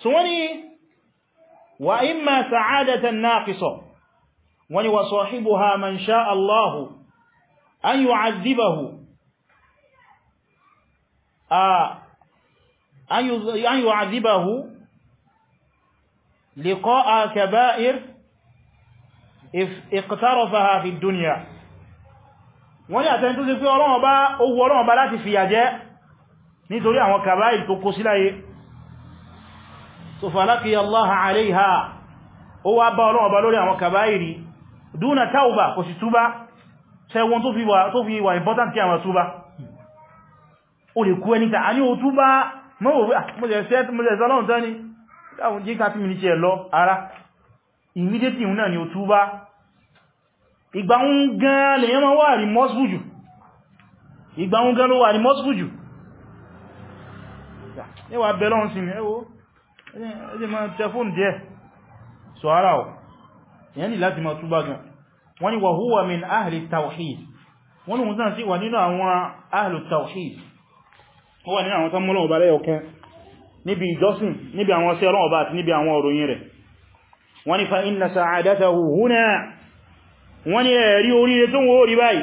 so wọ́n ni wa imma sa'adatan naqisa wọ́n wa sahibuha man sha Allahu an yu'adhibahu a ah, an yu'adhibahu liqa'a kaba'ir iqtarafaha fi dunya wọ́n ní àtẹni tó sì pé ọlọ́wọ́ bá owó ọlọ́wọ́ bá láti fìyà jẹ́ nítorí àwọn kaba'ir tó kó síláyé so falaqiya Allaha 'alayha ó wá bá ọlọ́wọ́ bá lórí àwọn kaba'iri dúnà tauba kò sì túbá sẹ́wọ́n tó fi wà important kí àwọn túbá Ah, e ìgbà oun gan ló wà ní mọ́sùkú jù níwà bẹ̀lọ́n sí mi ẹwọ́ ẹjẹ́ ma tẹfóòn díẹ̀ sọ ara ọ̀ ìyẹn ni láti ma túbá gan wọ́n ni wà húwà min ahli tawhid wọ́n ni wọ́n tàn sí wà nínú àwọn ahli tawhid ó wà nínú àwọn tán mọ́lọ́wọ́ bá lẹ́yọ̀ kan níbi ìjọsìn níbi àwọn ọsẹ́ ọlọ́wọ́ bá àti níbi àwọn ọ̀ròyìn rẹ̀ wọ́n ni fa inna sa'adatahu huna wọ́n ni ẹ̀rí oríire tó wó rí báyìí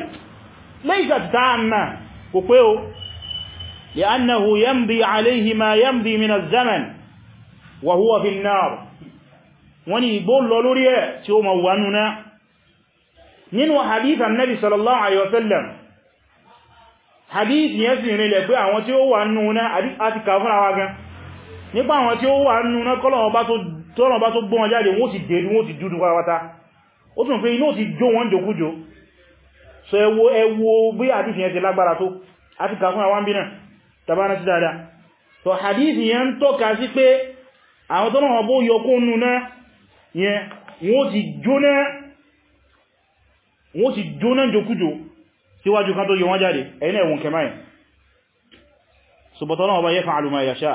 laysat tamma kò pé o li'annahu yamdi alayhi ma yamdi ẹ̀ tí ó ma hadith yẹn sì rìnlẹ̀ pé àwọn tí ó wà núna àti kàfúnra wa gan nípa àwọn tí ó wà núna kọ́lọ̀wọ́n bá tó gbọ́n jáde wọ́n ti dèrú wọ́n ti dúdú wáwátá ó tún pé inú ti jó wọ́n jòkújò so ẹwọ ẹwọ bí hadith yẹn ti lágbára tó àti kàfúnra so pé àwọn wọ́n ti jóná jòkújò síwájú kan tó yọ wọ́n jáde ẹ̀yìn ẹ̀wọ̀n kẹmáyìn ṣùgbọ́tọ̀ náà bá yẹ fa'alu ma yasha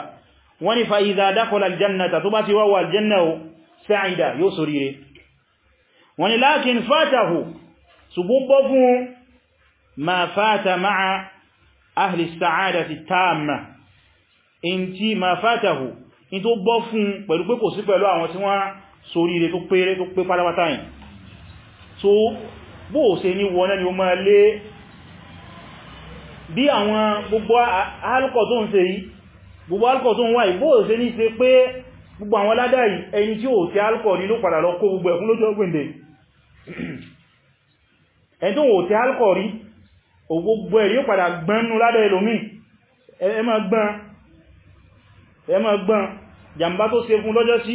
wọ́n ni fa idha dakhala aljannata tó bá ti wáwà aljanna sa'ida yóò soríire wọ́n ni lakin fatahu ṣùgbọ́gbọ́ fún ma fata ma'a ahli sa'adati tamma wọ́n ni ó máa lé bí àwọn gbogbo alkọ̀ tó ń ṣe yìí gbogbo alkọ̀ tó ń wáyé bó ṣe ní ṣe pé gbogbo àwọn ládá yìí ẹni tí ó tẹ alkọ̀ ní ló padà lọ kó gbogbo ẹ̀kún lójú ọgbẹ̀ndẹ̀ ẹni tó wò tẹ alkọ̀ rí ògbogbo ẹ̀rí ó padà gbọ́nnú ládá ẹlòmíì ẹ máa gbọ́n ẹ máa gbọ́n jàmbá tó ṣe fún lọ́jọ́ sí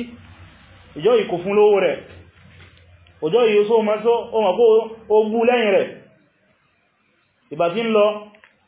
ìjọ́ ìkò fún ń lọ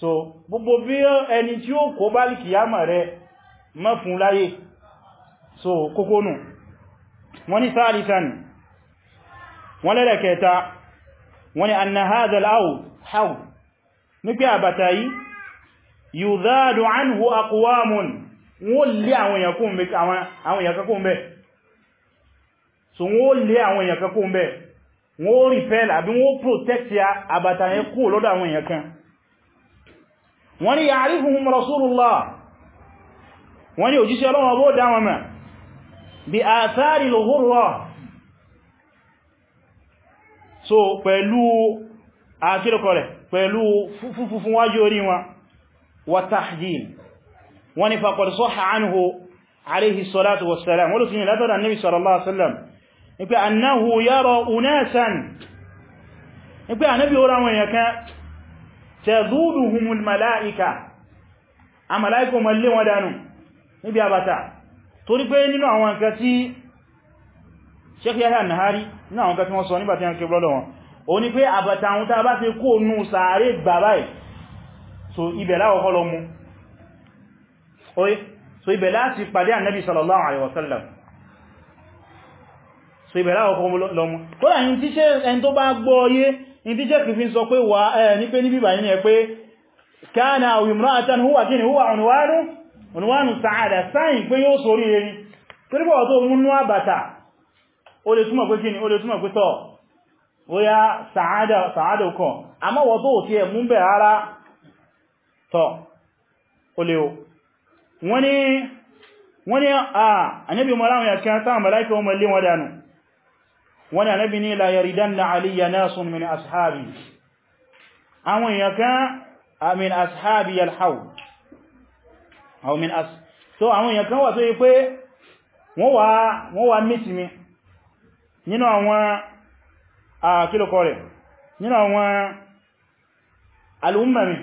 so gbogbo bí ẹni tí ó kó bá lè kìyàmà rẹ mọ́ fún láyé so kókó nù wọ́n ni sáàlìsàn wọ́n lẹ́rẹ̀ kẹta wọ́n ni annahadal hau ní pé àbàtà yìí yùzádù anhu aqwamun wọ́n lé àwọn èèyàn kún bẹ́ so wọ́n lé àwọn èèyàn kún bẹ́ wọ́n repel àbí wọ́n protect ya àbàtà yẹn kú lọ́dọ̀ àwọn èèyàn kan wọ́n ni ya'rifuhum rasulullah wọ́n ni òjíṣẹ́ ọlọ́wọ́ bó dáwọn mẹ́ bí athari al-ghurra so pẹ̀lú àkírọkọrẹ̀ pẹ̀lú fúnfún wájú orí wọn wa tahdil wọ́n ni faqad sahha anhu alayhi salatu wassalam wọ́n tazuduhumul mala'ika a mala'ika ma lé wọn dànù níbi àbàtà torí pé nínú àwọn nǹkan tí Sheikh Yahya Nahari nínú àwọn nǹkan tí wọ́n sọ nígbàtí wọ́n kí lọ́dọ̀ wọn ó ní pé àbàtà àwọn tàbá ti kó nù sàárè gbàbáì so ibẹ̀ láwọ̀kọ́ lọ mú oye so ibẹ̀ ìdí jẹ́ kìí fi sọ pé wà ẹ̀ ní pé níbí báyìí ni ẹ pé kana aw imra'atan huwa kí ni huwa unwanu unwanu sa'ada sáyìn pé yóò sórí eré tó nípa ọ̀tọ́ múnú àbàtà o lè túmọ̀ pé kí ni o lè túmọ̀ pé tọ́ bóyá sa'ada sa'ada wọ́n ni wọ́n Ànábì ní la yaridanna aliyya nasun min ashabi àwọn èèyàn kan min ashabi alhaw àwọn min as so àwọn èèyàn kan wà tó yí pé wọ́n wà wọ́n wà mítí mi nínú àwọn àkílùkọ rẹ̀ nínú àwọn al'ummami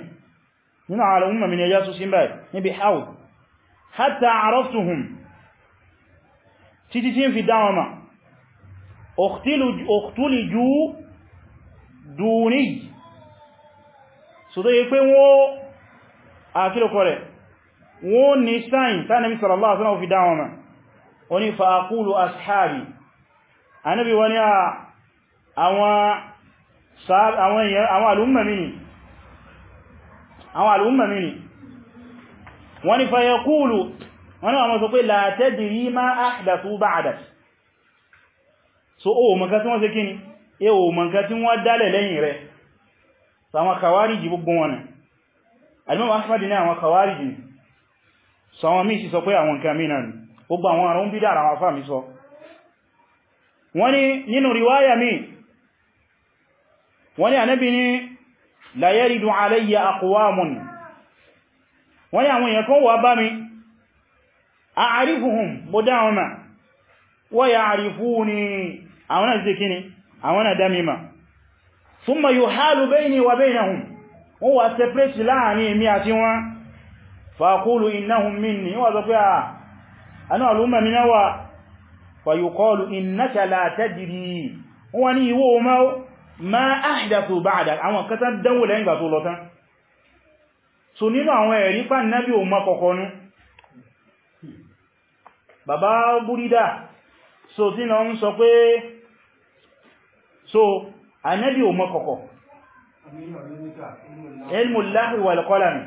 nínú al'ummami ni ẹjá tó sí báyìí níbi haw hatta araftuhum títí fi dáwọn òkútúlìjú dúní so tó yí pé wọ́n àkílòkọ́ rẹ̀ wọ́n ní sáyìn tánàbí sallallahu alaihi wasallam fi dáwọn mẹ́ oní fa'akúlù ashabi anábi wani àwọn al'umma mini wani fa'akúlù wani wa masu pé la tadri ma ahdathu ba'dak so o mọ̀ nǹkan tí wọ́n ṣe kíni e o mọ̀ nǹkan tí wọ́n dálẹ̀ lẹ́yìn rẹ̀ so àwọn kàwárìjì gbogbo wọn alimam ahmad ní àwọn kàwárìjì so àwọn míì sì sọ pé àwọn nǹkan mí náà gbogbo àwọn ará ń bí dára àwọn afáàmì sọ wọ́n ní nínú riwaya mi wọ́n ní ànábì ní la yaridu alayya aqwamun wọ́n ní àwọn èèyàn kan wà bá mi a'rifuhum mo dáwọn náà wa ya'rifuni àwọn náà ṣe kíni àwọn náà dámi ma thumma yuhalu bayni wa baynahum wọ́n wà separate láàrin èmi àti wọn faqulu innahum minni wọ́n zọ pé àánú àlúmà mi náwà fa yuqalu innaka la tadri wọ́n ni ìwọ ma ahdathu ba'dak àwọn kátà dánwò lẹ́yìn so tí na ń sọ pé so anẹ́bí o mọ́ kọ̀kọ̀ ilmù láhì wà lọ́kọ́lámi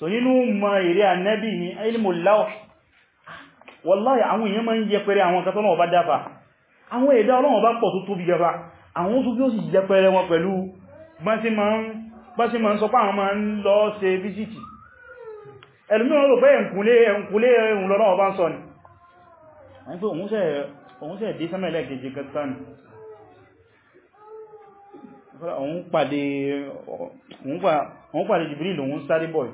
so nínú mọ̀ èrè anẹ́bí ni ilmù láhì wallahi àwọn èèyàn máa ń yẹ pẹ̀rẹ àwọn kan tọ́lọ́wọ́ bá dáfà àwọn èdè ọlọ́wọ́ bá pọ̀ tó tóbi gẹba àwọn tó bí ó sì jẹ pẹ̀rẹ wọn pẹ̀lú bá sí ń sọ pá àwọn máa ń lọ ṣe fíṣìtì ẹlùmí àyíkò òun sẹ́ dé sẹ́mẹ̀lẹ̀ gẹ̀ẹ́gẹ̀ kẹtàn òun pàdé jìbìrì lòun sáré bọ̀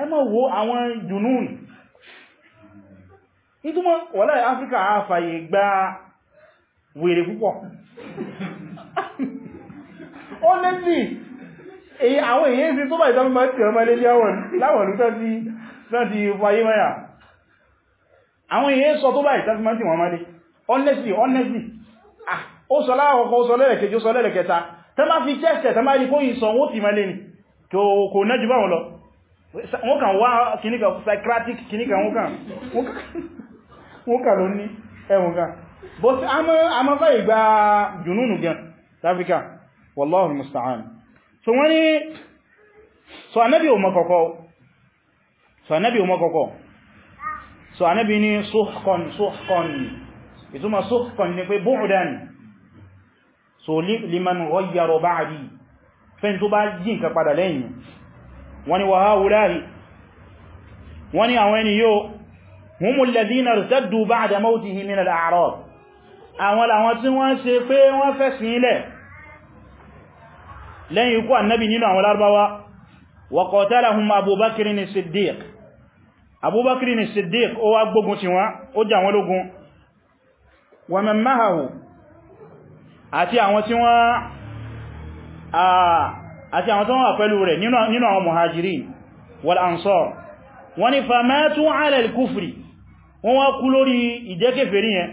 ẹ mọ́ wo àwọn jùnún ìtumọ̀ wọ́lá Áfíríkà àfàyè gba wèrè púpọ̀ honestly èyí àwọn èyí sí tó bá ìdámọ́ tí ọmọ ilé láwọn ìlú tán ti fayé mẹ́yà àwọn èyẹ sọ tó báyìí tàbí wọ́n máa dé honestly honestly ah ó sọ láàkọ́kọ́ ó sọ lẹ́rẹ̀kejì ó sọ lẹ́rẹ̀kẹta tẹ́ bá fi tẹ́sẹ̀ tẹ́ máa rí kó ìsọ wó ti mẹ́lẹ́ ni kò náà jù báwọn lọ wọ́n kàn wá kìníkà psychiatric kìníkà wọ́n kàn ló ní ẹwọ̀n gan but a mọ́ bá ìgbà jùnúnù gan láfíkà wallahu musta'an so wọ́n ni so anábì ò mọ́kọ̀kọ́ so anábi ní suhkon suhkon ìtumọ̀ suhkon ni pé bu'dan so liman ghayyara ba'di fẹ́n tó bá yí nǹkan padà lẹ́yìn wani wa haulahi wani àwọn ẹni yóò humul ladhina irtaddu ba'da mawtihi min al-a'rab àwọn làwọn tí wọ́n ṣe pé wọ́n fẹ̀sìn ilẹ̀ lẹ́yìn ikú annabi nínú àwọn lárbawa wa qatalahum abubakir ni siddiq abubakar ni siddiq ó wá gbógun ti wọn ó jà wọn lógun wa man ma'ahu àti àwọn tí wọ́n àti àwọn tí wọ́n wà pẹ̀lú rẹ̀ nínú àwọn muhajirin wal ansar wọ́n ni famatu ala al-kufri wọ́n wá kú lórí ìjẹ́kẹfẹ̀rí yẹn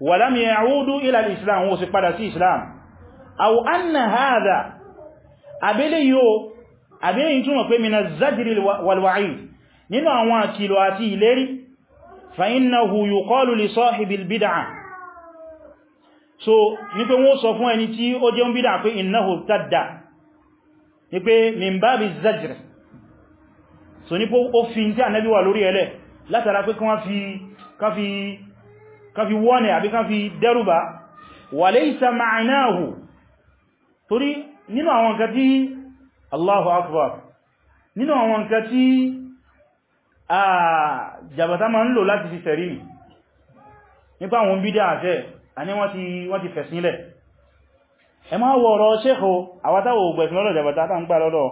wa lam ya'udu ila islam wọ́n sì padà sí islam aw anna hadha abẹ́lẹ̀ yóò abẹ́lẹ̀ yìí túnmọ̀ pé mina zajiri nínú àwọn àkìlọ̀ àti ìlérí fa'innahu yuqalu li sahibil bid'ah so ní pé wọ́n sọ fún ẹni tí ó jẹ́ bid'ah pé innahu tadda ní pé min babi zajr so ní pé ó fi tí ànábì wà lórí ẹlẹ́ látara pé kan fi wọ́nẹ̀ àbí kan fi dẹ́rùbá wa laysa ma'nahu torí nínú àwọn nǹkan tí Allahu akbar nínú àwọn nǹkan tí Ah, jàbàtà ma ń lò láti fi fẹ̀rí nì nípa àwọn bídá àfẹ́ àní wọ́n ti fẹ̀sílẹ̀ ẹ máa wọ ọ̀rọ̀ ṣéhù àwátáwò ògbẹ̀sìn lọ́dọ̀ jàbàtà tán gbà lọ́dọ̀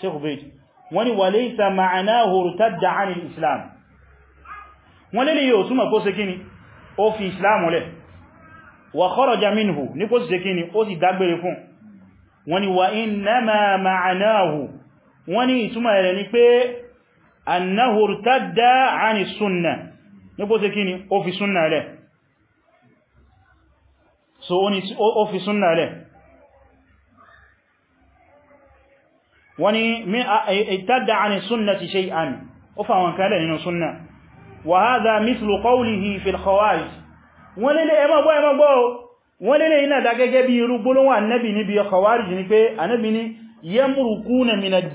ṣéhù bèjì wọ́n ni walaysa ma'nahu irtadda 'an al-islam wọ́n lè yóò túnmọ̀ kó ṣe kíni ó fi islam lẹ̀ wa kharaja minhu ní kó annahu irtadda ani sunna nípo ṣe kí ni ó fi sunna lẹ̀ so ó fi sunna lẹ̀ wani irtadda ani sunna ti shay'an ó fa wọn kalẹ̀ nínú sunna wa hadha mithlu qawlihi fil khawarij wọ́n lè lè ẹmọ́ gbọ́ ẹmọ́ gbọ́ wọ́n lè lè iná dágẹ́gẹ́ bí irú gbólówà annabi níbi khawarij ni pé annabi ni yamrukuna min ad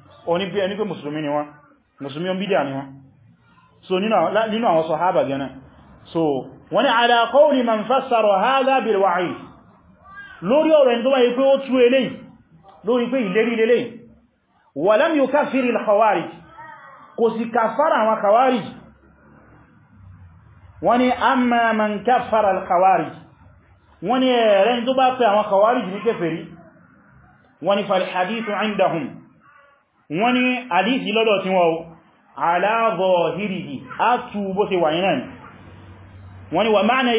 oní pé ẹni pé musulmi ni wọ́n musulmi on bídíà ni wọ́n so nínú àwọn sọ̀hábà gẹ́nà so wọ́n ni ala qawli man fassara hadha bil wa'id lórí ọ̀rọ̀ ẹni tó wáyé pé ó tú eléyìí lórí pé ìlérí lélẹ̀ wa lam yukaffir al khawarij kò sì kàfàrà àwọn khawarij wọ́n amma man kaffara al khawarij wọ́n ni ẹ̀rẹ́ tó bá pẹ khawarij ní kèfèrí wọ́n fal hadithu indahum wọ́n ní àdíjì lọ́dọ̀ tí wọ́n aláàbọ̀ hìrìhì á tú bó ṣe wà yìí náà wọ́n ní wà máa na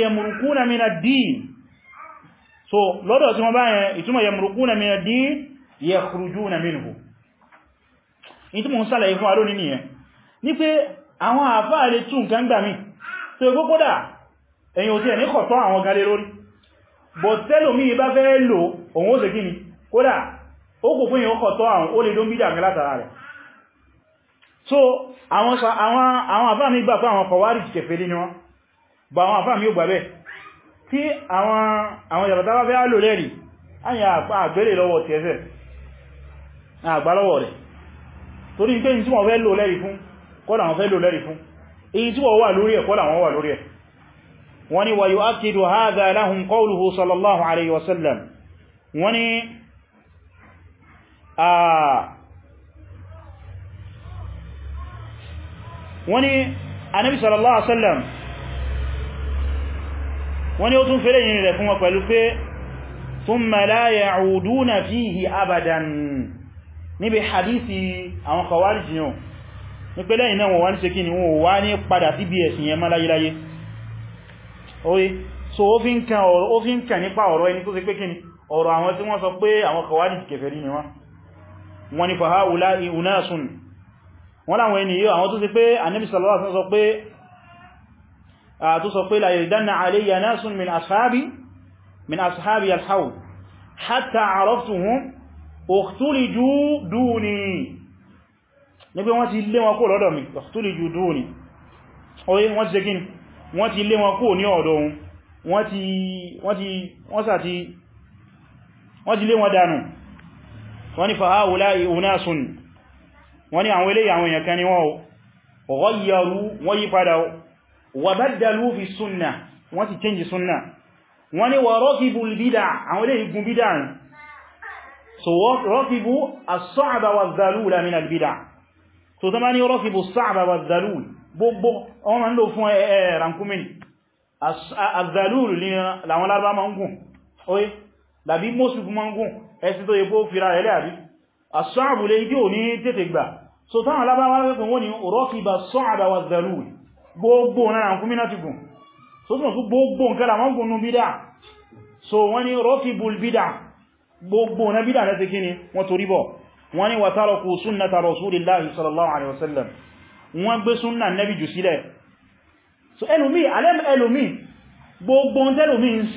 mina dín so lọ́dọ̀ tí wọ́n báyẹn ìtumọ̀ yamurukuna mina dín yẹ kùrùjú na minhu ìtumọ̀ ń sálẹ̀ fún alóní nìyẹn ní pé àwọn àfáà lè tún nǹkan gbà mí tó ẹgbó kódà ẹ̀yìn òtí ẹ̀ kódà ó kò fún ìyàn ọkọ̀ tọ́ àwọn ó lè ń látara rẹ̀ so àwọn àfáà mi gbà pé àwọn kọwàrí kèfèrí ni wọ́n bá àwọn àfáà mi ò gbà bẹ́ẹ̀ tí àwọn yàbàtà bá fẹ́ lò lẹ́rì àyà àgbélè lọ́wọ́ tẹ́ẹ̀fẹ́ àgbálọ́wọ́ rẹ̀ torí pé ìtí wọ́n fẹ́ lò lẹ́rì fún kọ́lá wọn fẹ́ lò lẹ́rì fún èyí tí wọ́n wà lórí ẹ̀ sallallahu alayhi wa sallam wọ́n ní anábi sallallahu alaihi wasallam wọ́n ní ó tún fẹ́lẹ̀ yìí rẹ̀ fún wọn pẹ̀lú pé thumma la ya'uduna fihi abadan níbi hadithi àwọn kọwàríjì yàn ní pé lẹ́yìn náà wá ní ṣe ni wọ́n wá ní padà sí bí ẹ̀sìn yẹn máláyíláyé oye so ó fi ń kàn wọ́n ni fàhá wùlá ìhùnáṣùn wọ́n láwọn ẹni yíò àwọn tó sì pé annabi sallallahu alaihi wasallam tó sọ pé la yardanna alayya nasun min ashabi min ashabi al-hawl hatta araftuhum ukhtuliju duni ní pé wọ́n ti lé wọn kó lọ́dọ̀ mi ukhtuliju duni oye wọ́n ti segin wọ́n ti lé wọn kó ní ọ̀dọ̀ wọn wọ́n ti lé wọn dànù wọ́n ni fàáwùlá ìhùnásùn wọ́n ni àwọn ilé àwọn èèyàn kan ni wọ́n ọ̀gọ́yẹrú wọ́n yí padà wà bádàlú fi súnnà wọ́n ti change súnnà wọ́n ni wà rọ́kìbù bídà àwọn ilé igun bídà so rọ́kìbù as-sa'ba wa dhalula so tó máa ní rọ́kìbù as-sa'ba wa dhalul gbogbo wọ́n máa ń lò fún ẹ̀ẹ̀rankumin az-dhalul ní gùn ẹ̀sìn tó yẹpó fìra rẹ̀ lẹ́àrí as-sa'bu lè jí ò ní tètè gbà so táwọn alábáwá pẹ́pẹ́ wọ́n ni rakiba as-sa'ba wa az-zalul gbogbo náà kú mínà ti gùn so tí wọ́n tún gbogbo nǹkan làwọn gùn nú bídà so wọ́n ni rakibul bídà gbogbo na bídà lẹ́sẹ̀ kí ni wọ́n torí bọ̀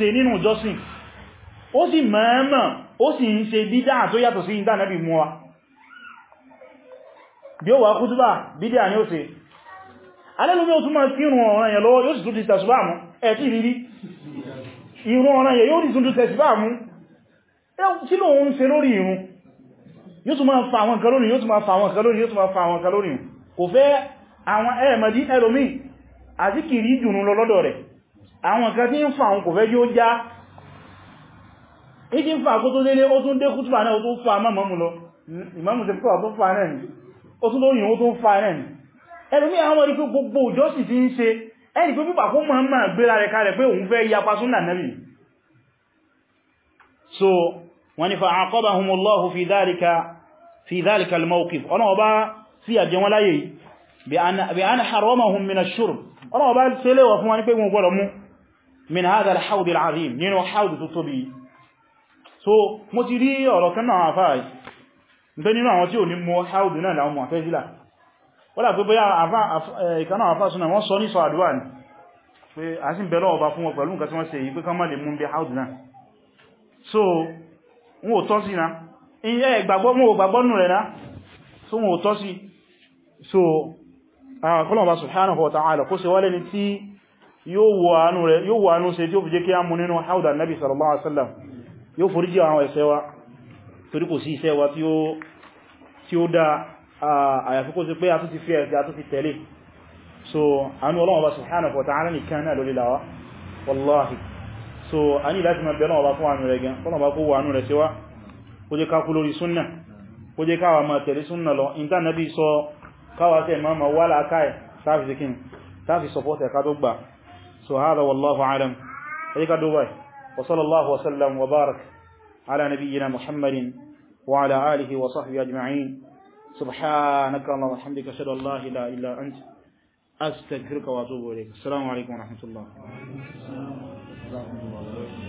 wọ́n ni ó sì mẹ́ẹ̀mọ̀ ó sì ń se bídá tó yàtọ̀ sí ìdá nẹ́bì mú wa bí ó wà kútúbà bídá ni ó se alẹ́lúmí ó túnmọ̀ sí ìrùn ọ̀ràn yẹ lọ́wọ́ yóò sì tún tẹ̀sùbá mú ẹ̀tí rírí irun ọ̀ràn yẹ yóò sì tún tẹ̀sùbá mú kí ló ń lórí yóò fa àwọn kalórin fa fa ìdí ń fa kó tó délé ó tún dé kútùbà náà ó tún fa mọ́mù lọ ìmọ́mù ti kọ́ tó fa náà ni ó tún lóyìn ó tún fa náà ni ẹlùmí àwọn orí gbogbo òjò sì ti ń ṣe ẹni pé púpà kó máa máa gbéra rẹ̀ kalẹ̀ pé òun fẹ́ yapa súnà nábì so wọ́n ni fa aqabahumullahu fi dhalika fi dhalika al-mawqif ọ̀nà ọba sí àjẹ wọn láyé bí an haramahum min ash-shurb ọ̀nà ọba tẹ́lẹ̀wọ̀ fún wọn ni so mo ti rí ọ̀rọ̀ kan náà àfáà ìgbẹ́ nínú àwọn tí ò ní mọ́ haudu náà láwọn Mu'tazila wọ́n láti pé ìkaná àfáà súnà wọ́n sọ ní sọ àdúwà ní pé a sì ń bẹ̀rẹ̀ ọba fún wọn pẹ̀lú nǹkan tí wọ́n ṣe yìí pé kán má lè mú bí haudu náà so wọn ò tọ́ sí na ẹ gbàgbọ́ wọn ò gbàgbọ́ nù rẹ̀ na sallallahu alaihi wasallam yóò foríjì àwọn ẹ̀ṣẹ̀ wa torí kò sí iṣẹ́ wa tí ó dá àyàfi sí pé a tún ti fi ẹ̀ṣẹ̀ a tún ti tẹ̀lé so àánú Ọlọ́run Ọba subhanahu wa ta'ala nìkan náà so a ní láti máa bẹ̀rẹ̀ Ọba fún àánú rẹ̀ gan Ọlọ́run Ọba kó wà àánú rẹ̀ sí wá kó jẹ́ ká kú lórí súnnà kó jẹ́ káwà máa tẹ̀lé súnnà lọ ìta nàbí sọ káwà tẹ̀ máa ma wà so hada wallahu alam ẹ̀yíká dubai وصلى الله وسلم وبارك على نبينا محمد وعلى آله وصحبه أجمعين سبحانك اللهم وبحمدك أشهد أن لا إله إلا أنت أستغفرك وأتوب إليك السلام عليكم ورحمة الله